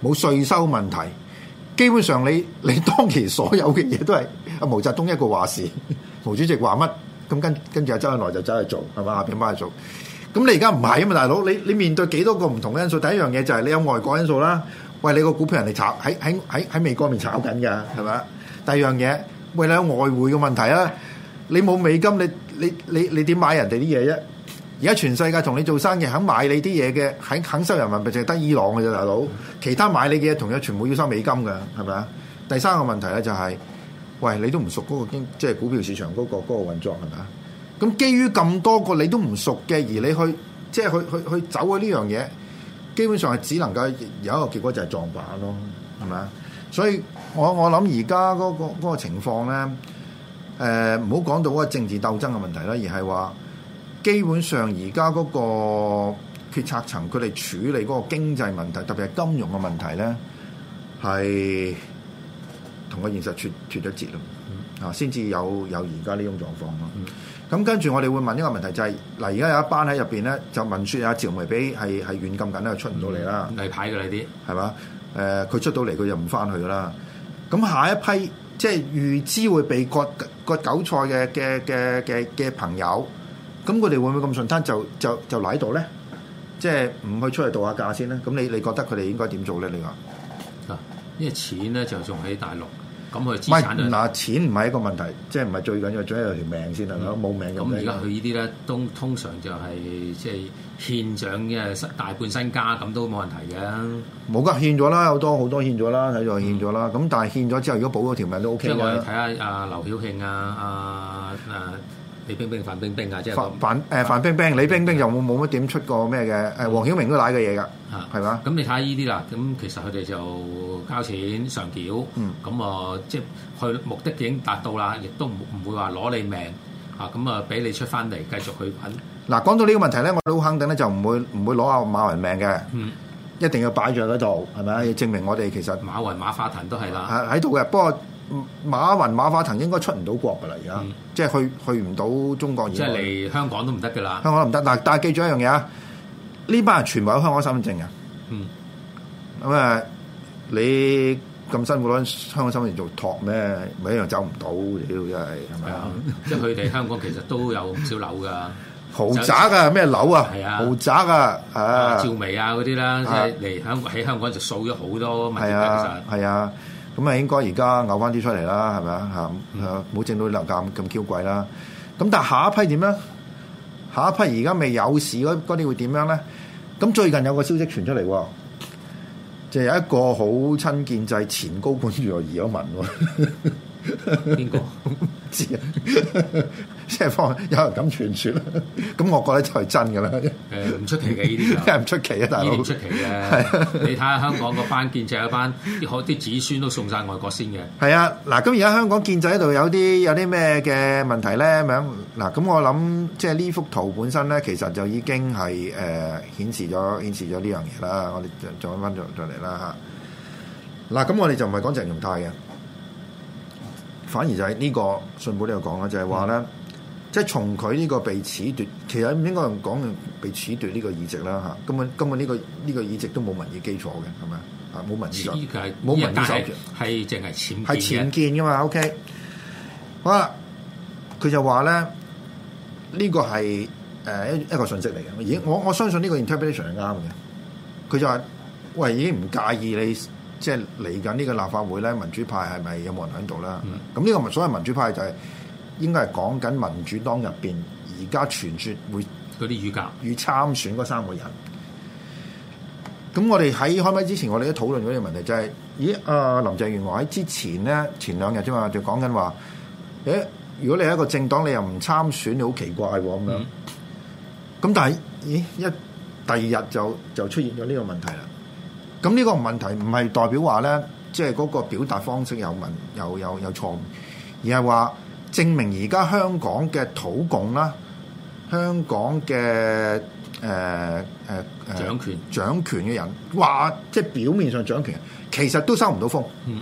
冇稅收問題，基本上你你當時所有嘅嘢都係阿毛澤東一個話事，毛主席話乜咁，跟跟住阿周恩來就走去做係嘛，下邊幫佢做，咁你而家唔係啊嘛大佬，你你面對幾多個唔同嘅因素？第一樣嘢就係你有外國因素啦，喂，你個股票人哋炒喺喺喺喺美國面炒緊㗎係咪？第二樣嘢，喂，你有外匯嘅問題啦，你冇美金你你你你點買人哋啲嘢啫？而家全世界同你做生意肯買你啲嘢嘅，肯肯收人民幣就係得伊朗嘅啫，大佬。其他買你嘅嘢，同樣全部要收美金嘅，係咪啊？第三個問題咧就係，喂，你都唔熟嗰個經，即係股票市場嗰個嗰個運作係咪啊？咁基於咁多個你都唔熟嘅，而你去即係去去去走啊呢樣嘢，基本上係只能夠有一個結果就係撞板咯，係咪啊？所以我，我我諗而家嗰個情況咧，誒，唔好講到嗰個政治鬥爭嘅問題啦，而係話。基本上而家嗰個決策層，佢哋處理嗰個經濟問題，特別係金融嘅問題咧，係同個現實脱脱咗節咯，啊，先至有有而家呢種狀況咯。咁、嗯、跟住我哋會問一個問題，就係、是、嗱，而家有一班喺入邊咧，就問説阿趙薇俾係係軟禁緊咧，出唔到嚟啦，例、嗯、牌嘅呢啲，係嘛？誒、呃，佢出到嚟佢就唔翻去㗎啦。咁下一批即係、就是、預知會被割割韭菜嘅嘅嘅嘅嘅朋友。咁佢哋會唔會咁順攤就就就攋到咧？即係唔去出去度下假先咧？咁你你覺得佢哋應該點做咧？你話嗱，啲錢咧就仲喺大陸，咁佢資產嗱錢唔係一個問題，即係唔係最緊要，最緊要條命先係冇、嗯、命咁。而家佢呢啲咧，通通常就係即係獻上，嘅、就是、大半身家，咁都冇問題嘅。冇噶，獻咗啦，好多好多獻咗啦，睇就獻咗啦。咁、嗯、但係獻咗之後，如果保咗條命都 OK。我哋睇下阿劉曉慶啊，阿啊。啊李冰冰、范冰冰啊，即係、那個、范誒范冰冰、李冰冰又冇冇乜點出過咩嘅誒？嗯、黃曉明都賴嘅嘢㗎，係嘛、嗯？咁吧、嗯、你睇下依啲啦，咁其實佢哋就交錢上繳，咁啊、嗯嗯，即係佢目的已經達到啦，亦都唔唔會話攞你命啊！咁啊，俾你出翻嚟繼續去揾。嗱、啊，講到呢個問題咧，我好肯定咧，就唔會唔會攞阿馬雲命嘅，嗯，一定要擺喺嗰度係咪？要證明我哋其實馬雲、馬化騰都係啦，喺度嘅。不過。馬雲馬化騰應該出唔到國噶啦，而家、嗯、即係去去唔到中國而家。即係嚟香港都唔得噶啦，香港都唔得。嗱，但係記住一樣嘢啊，呢班人全部喺香港身份證啊。嗯、嗯。咁啊，你咁辛苦攞香港身份證做托咩？咪一樣走唔到，真係係咪啊？即係佢哋香港其實都有唔少樓噶，豪宅噶咩樓啊？係啊，豪宅啊，啊，趙薇啊嗰啲啦，即係嚟香喺香港就掃咗好多。係啊，係啊。咁、嗯、啊，應該而家嘔翻啲出嚟啦，係咪啊？冇正整到樓價咁咁嬌貴啦。咁但係下一批點咧？下一批而家未有事嗰啲會點樣咧？咁最近有個消息傳出嚟喎，就有、是、一個好親建制前高官原來移咗民喎。邊個？即係放有人咁傳説啦，咁我覺得就係真嘅啦。唔、欸、出奇嘅呢啲，真係唔出奇，唔出奇嘅啊！大佬唔出奇嘅，你睇下香港嗰班建制嗰班，啲 子孫都送晒外國先嘅。係啊，嗱咁而家香港建制度有啲有啲咩嘅問題咧？咁樣嗱咁我諗，即係呢幅圖本身咧，其實就已經係誒、呃、顯示咗顯示咗呢樣嘢啦。我哋再翻再再嚟啦嚇。嗱、啊、咁我哋就唔係講鄭融泰嘅，反而就喺呢、呢個信報呢度講啦，就係話咧。嗯即係從佢呢個被褫奪，其實唔應該用講被褫奪呢個議席啦嚇。根本根本呢個呢個議席都冇民意基礎嘅，係咪啊？冇民意基礎，冇一民意基礎嘅。係淨係僭建，係僭建噶嘛？OK。好啦，佢就話咧，呢個係誒一一個信息嚟嘅。已經我我相信呢個 interpretation 係啱嘅。佢就話：喂，已經唔介意你即係嚟緊呢個立法會咧，民主派係咪有冇人喺度啦？嗯，咁呢個所謂民主派就係。應該係講緊民主黨入邊而家傳說會嗰啲預格預參選嗰三個人。咁我哋喺開咪之前，我哋都討論咗呢個問題就、啊，就係咦？阿林鄭月娥喺之前咧，前兩日啫嘛，就講緊話，誒，如果你係一個政黨，你又唔參選，你好奇怪咁、哦、樣。咁、嗯、但係，咦？一第二日就就出現咗呢個問題啦。咁呢個問題唔係代表話咧，即係嗰個表達方式有問，有有有錯誤，而係話。證明而家香港嘅土共啦，香港嘅誒誒誒，呃呃、掌權掌權嘅人話，即係表面上掌權，其實都收唔到風。嗯、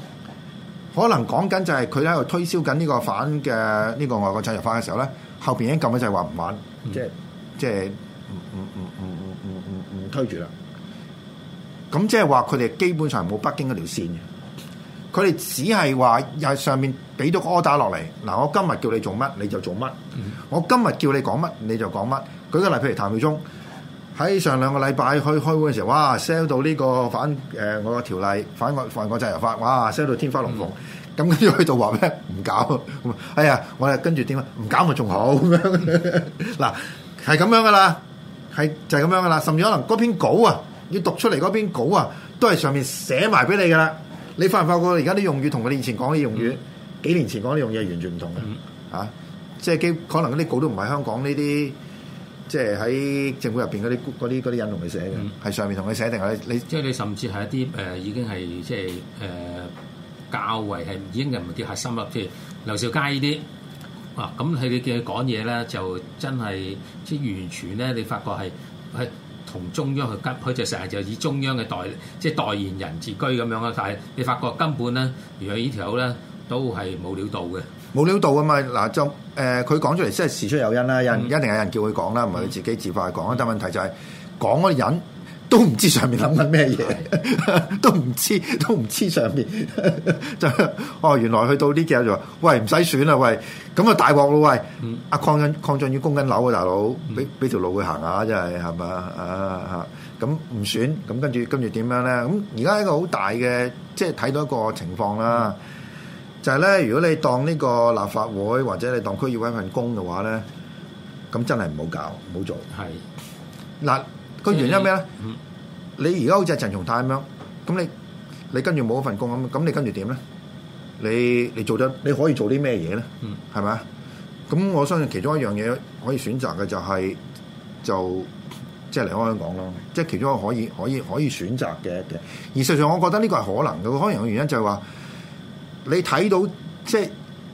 可能講緊就係佢喺度推銷緊呢個反嘅呢、呢個外國制裁法嘅時候咧，後面已經撳咗就係話唔玩，嗯、即係、嗯、即係唔唔唔唔唔唔唔唔推住啦。咁即係話佢哋基本上冇北京嗰條線嘅。佢哋只係話又上面俾咗個 order 落嚟，嗱，我今日叫你做乜你就做乜，我今日叫你講乜你就講乜。舉個例，譬如譚耀宗喺上兩個禮拜去開會嘅時候，哇 sell 到呢個反誒個條例反國反國際遊法，哇 sell 到天花龍鳳，咁跟住佢就話咩？唔搞，哎呀，我哋跟住點啊？唔搞咪仲好。咁樣，嗱係咁樣噶啦，係就係咁樣噶啦，甚至可能嗰篇稿啊，要讀出嚟嗰篇稿啊，都係上面寫埋俾你噶啦。你發唔發覺，而家啲用語同佢以前講啲用語，幾年前講啲用語係完全唔同嘅，嚇！即係幾可能嗰啲稿都唔係香港呢啲，即係喺政府入邊嗰啲嗰啲嗰啲人同佢寫嘅，係上面同佢寫定係你。即係你甚至係一啲誒已經係即係誒較為係已經人物叫核心啦，即係劉兆佳呢啲啊。咁佢你叫佢講嘢咧，就真係即係完全咧，你發覺係係。同中央去吉，佢就成日就以中央嘅代，即係代言人自居咁樣啦。但係你發覺根本咧，如果呢條友咧都係冇料到嘅，冇料到啊嘛！嗱，就誒佢講出嚟，即係事出有因啦，因、嗯、一定有人叫佢講啦，唔係佢自己自發去講。但、嗯、問題就係講嗰個人。都唔知上面諗緊咩嘢，都唔知，都唔知上面。 就哦，原來去到呢幾日就話，喂唔使選啦，喂，咁啊大鑊咯，喂，阿、嗯啊、鄺俊鄺俊宇要供緊樓啊，大佬，俾俾條路佢行下，真係係咪？啊嚇？咁、啊、唔、啊、選，咁跟住跟住點樣咧？咁而家一個好大嘅，即係睇到一個情況啦，嗯、就係咧，如果你當呢個立法會或者你當區議員份工嘅話咧，咁真係唔好搞，唔好做。係嗱是。個原因咩咧？你而家好似陳松泰咁樣，咁你你跟住冇一份工咁，咁你跟住點咧？你你做咗，你可以做啲咩嘢咧？係咪啊？咁我相信其中一樣嘢可以選擇嘅就係就即係離開香港咯，即係其中一個可以可以可以選擇嘅嘅。而實際上，我覺得呢個係可能嘅。可能嘅原因就係話你睇到即係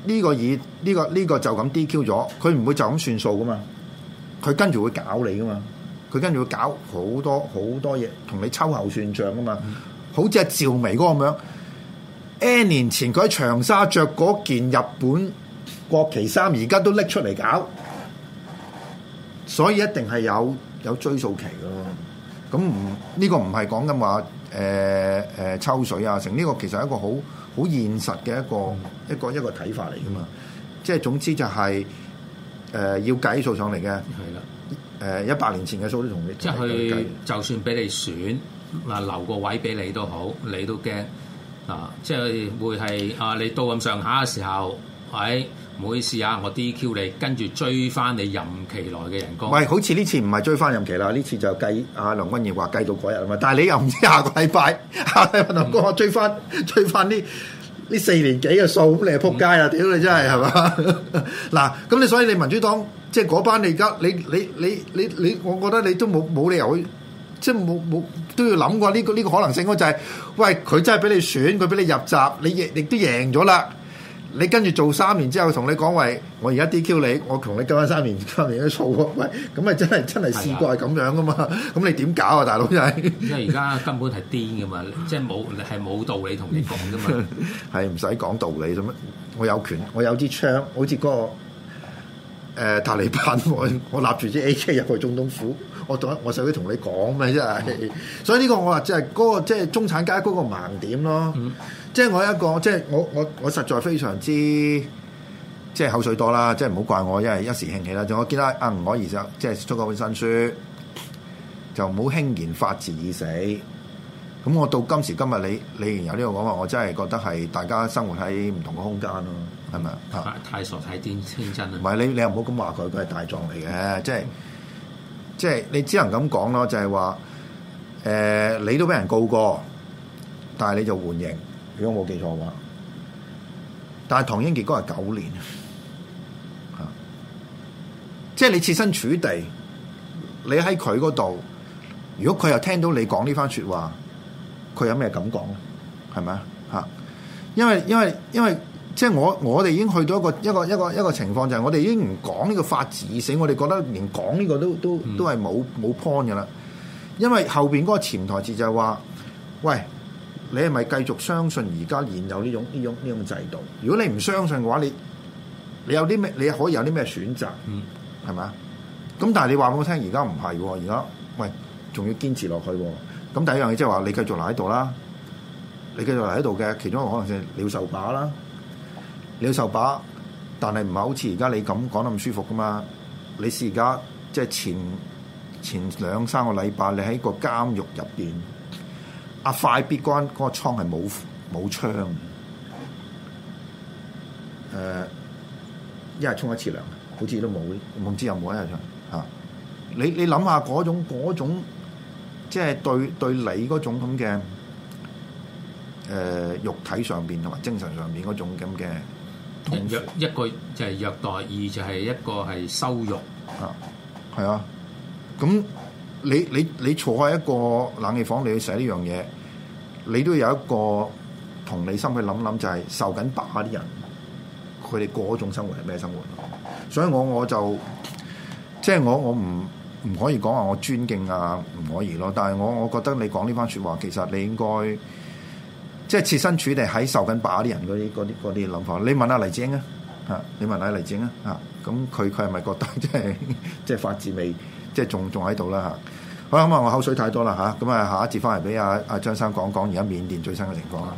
呢個以呢個呢個就咁 DQ 咗，佢唔會就咁算數噶嘛，佢跟住會搞你噶嘛。佢跟住會搞好多好多嘢，同你秋後算賬啊嘛！好似阿趙薇嗰個咁樣，N 年前佢喺長沙着嗰件日本國旗衫，而家都拎出嚟搞，所以一定係有有追溯期咯。咁唔，呢個唔係講緊話誒誒抽水啊，成呢個其實係一個好好現實嘅一個一個一個睇法嚟噶嘛。即係總之就係、是、誒、呃、要計數上嚟嘅。係啦。誒一百年前嘅數都同你即係就算俾你選嗱、啊、留個位俾你都好，你都驚啊！即係會係啊，你到咁上下嘅時候，喺、哎、唔好意思啊，我 DQ 你，跟住追翻你任期內嘅人工。喂，好似呢次唔係追翻任期啦，呢次就計阿、啊、梁君彥話計到嗰日啊嘛，但係你又唔知下個禮拜啊梁哥我追翻追翻啲呢四年幾嘅數你係撲街啦！屌你真係係嘛？嗱，咁 你所以你民主黨即係嗰班你而家你你你你你，我覺得你都冇冇理由去，即係冇冇都要諗過呢個呢個可能性就係，喂佢真係俾你選，佢俾你入閘，你亦亦都贏咗啦。你跟住做三年之後跟，同你講喂，我而家 DQ 你，我同你交翻三年三年嘅數喎，喂，咁咪真係真係試過係咁樣噶嘛？咁的你點搞啊，大佬仔？因為而家根本係癲噶嘛， 即係冇係冇道理同你講㗎嘛，係唔使講道理啫？我有權，我有支槍，好似嗰、嗰個、呃、塔利班，我我立住支 AK 入去中東府，我得我首先同你講咩啫？係，所以呢、這個我話即係嗰個即係、就是、中產階級嗰個盲點咯。嗯。即係我一個，即係我我我實在非常之即係口水多啦，即係唔好怪我，因為一時興起啦。仲我見啦，啊我而家即係出咗本新書，就唔好輕言發自已死。咁我到今時今日，你你仍然有呢個講法，我真係覺得係大家生活喺唔同嘅空間咯，係咪？太傻太天真，唔係你你又唔好咁話佢，佢係大狀嚟嘅，即係即係你只能咁講咯，就係話誒，你都俾人告過，但係你就緩刑。如果我冇記錯嘅話，但係唐英傑哥係九年啊，即係你設身處地，你喺佢嗰度，如果佢又聽到你講呢番説話，佢有咩敢講咧？係咪啊？嚇！因為因為因為即係我我哋已經去到一個一個一個一個情況，就係我哋已經唔講呢個法治意識，我哋覺得連講呢個都都都係冇冇 point 嘅啦。因為後邊嗰個潛台詞就係話：喂。你係咪繼續相信而家現有呢種呢種呢種制度？如果你唔相信嘅話，你你有啲咩？你可以有啲咩選擇？嗯，係咪？咁但係你話俾我聽，而家唔係嘅，而家喂仲要堅持落去的。咁第一樣嘢即係話，你繼續留喺度啦。你繼續留喺度嘅，其中一個可能性，你要受把啦，你要受把，但係唔係好似而家你咁講得咁舒服噶嘛？你試而家即係前前兩三個禮拜，你喺個監獄入邊。阿快必關嗰、那個倉係冇冇窗，誒，一日沖一次涼，好似都冇，唔知有冇一日沖、啊、你你諗下嗰種種，即係對對你嗰種咁嘅，誒、呃，肉體上邊同埋精神上邊嗰種咁嘅。約一個就係虐待，二就係、是、一個係羞辱，吓係啊。咁、啊、你你你坐喺一個冷氣房，你去寫呢樣嘢。你都要有一個同理心去諗諗，就係受緊把啲人，佢哋嗰種生活係咩生活？所以我我就即係我我唔唔可以講話我尊敬啊，唔可以咯。但係我我覺得你講呢番説話，其實你應該即係設身處地喺受緊把啲人嗰啲啲啲諗法。你問下黎智英啊，嚇你問下黎智英啊，嚇，咁佢佢係咪覺得即係即係法治未即係仲仲喺度啦嚇？好啊嘛，我口水太多啦吓，咁啊下一節翻嚟俾阿阿張生講講而家緬甸最新嘅情況啦。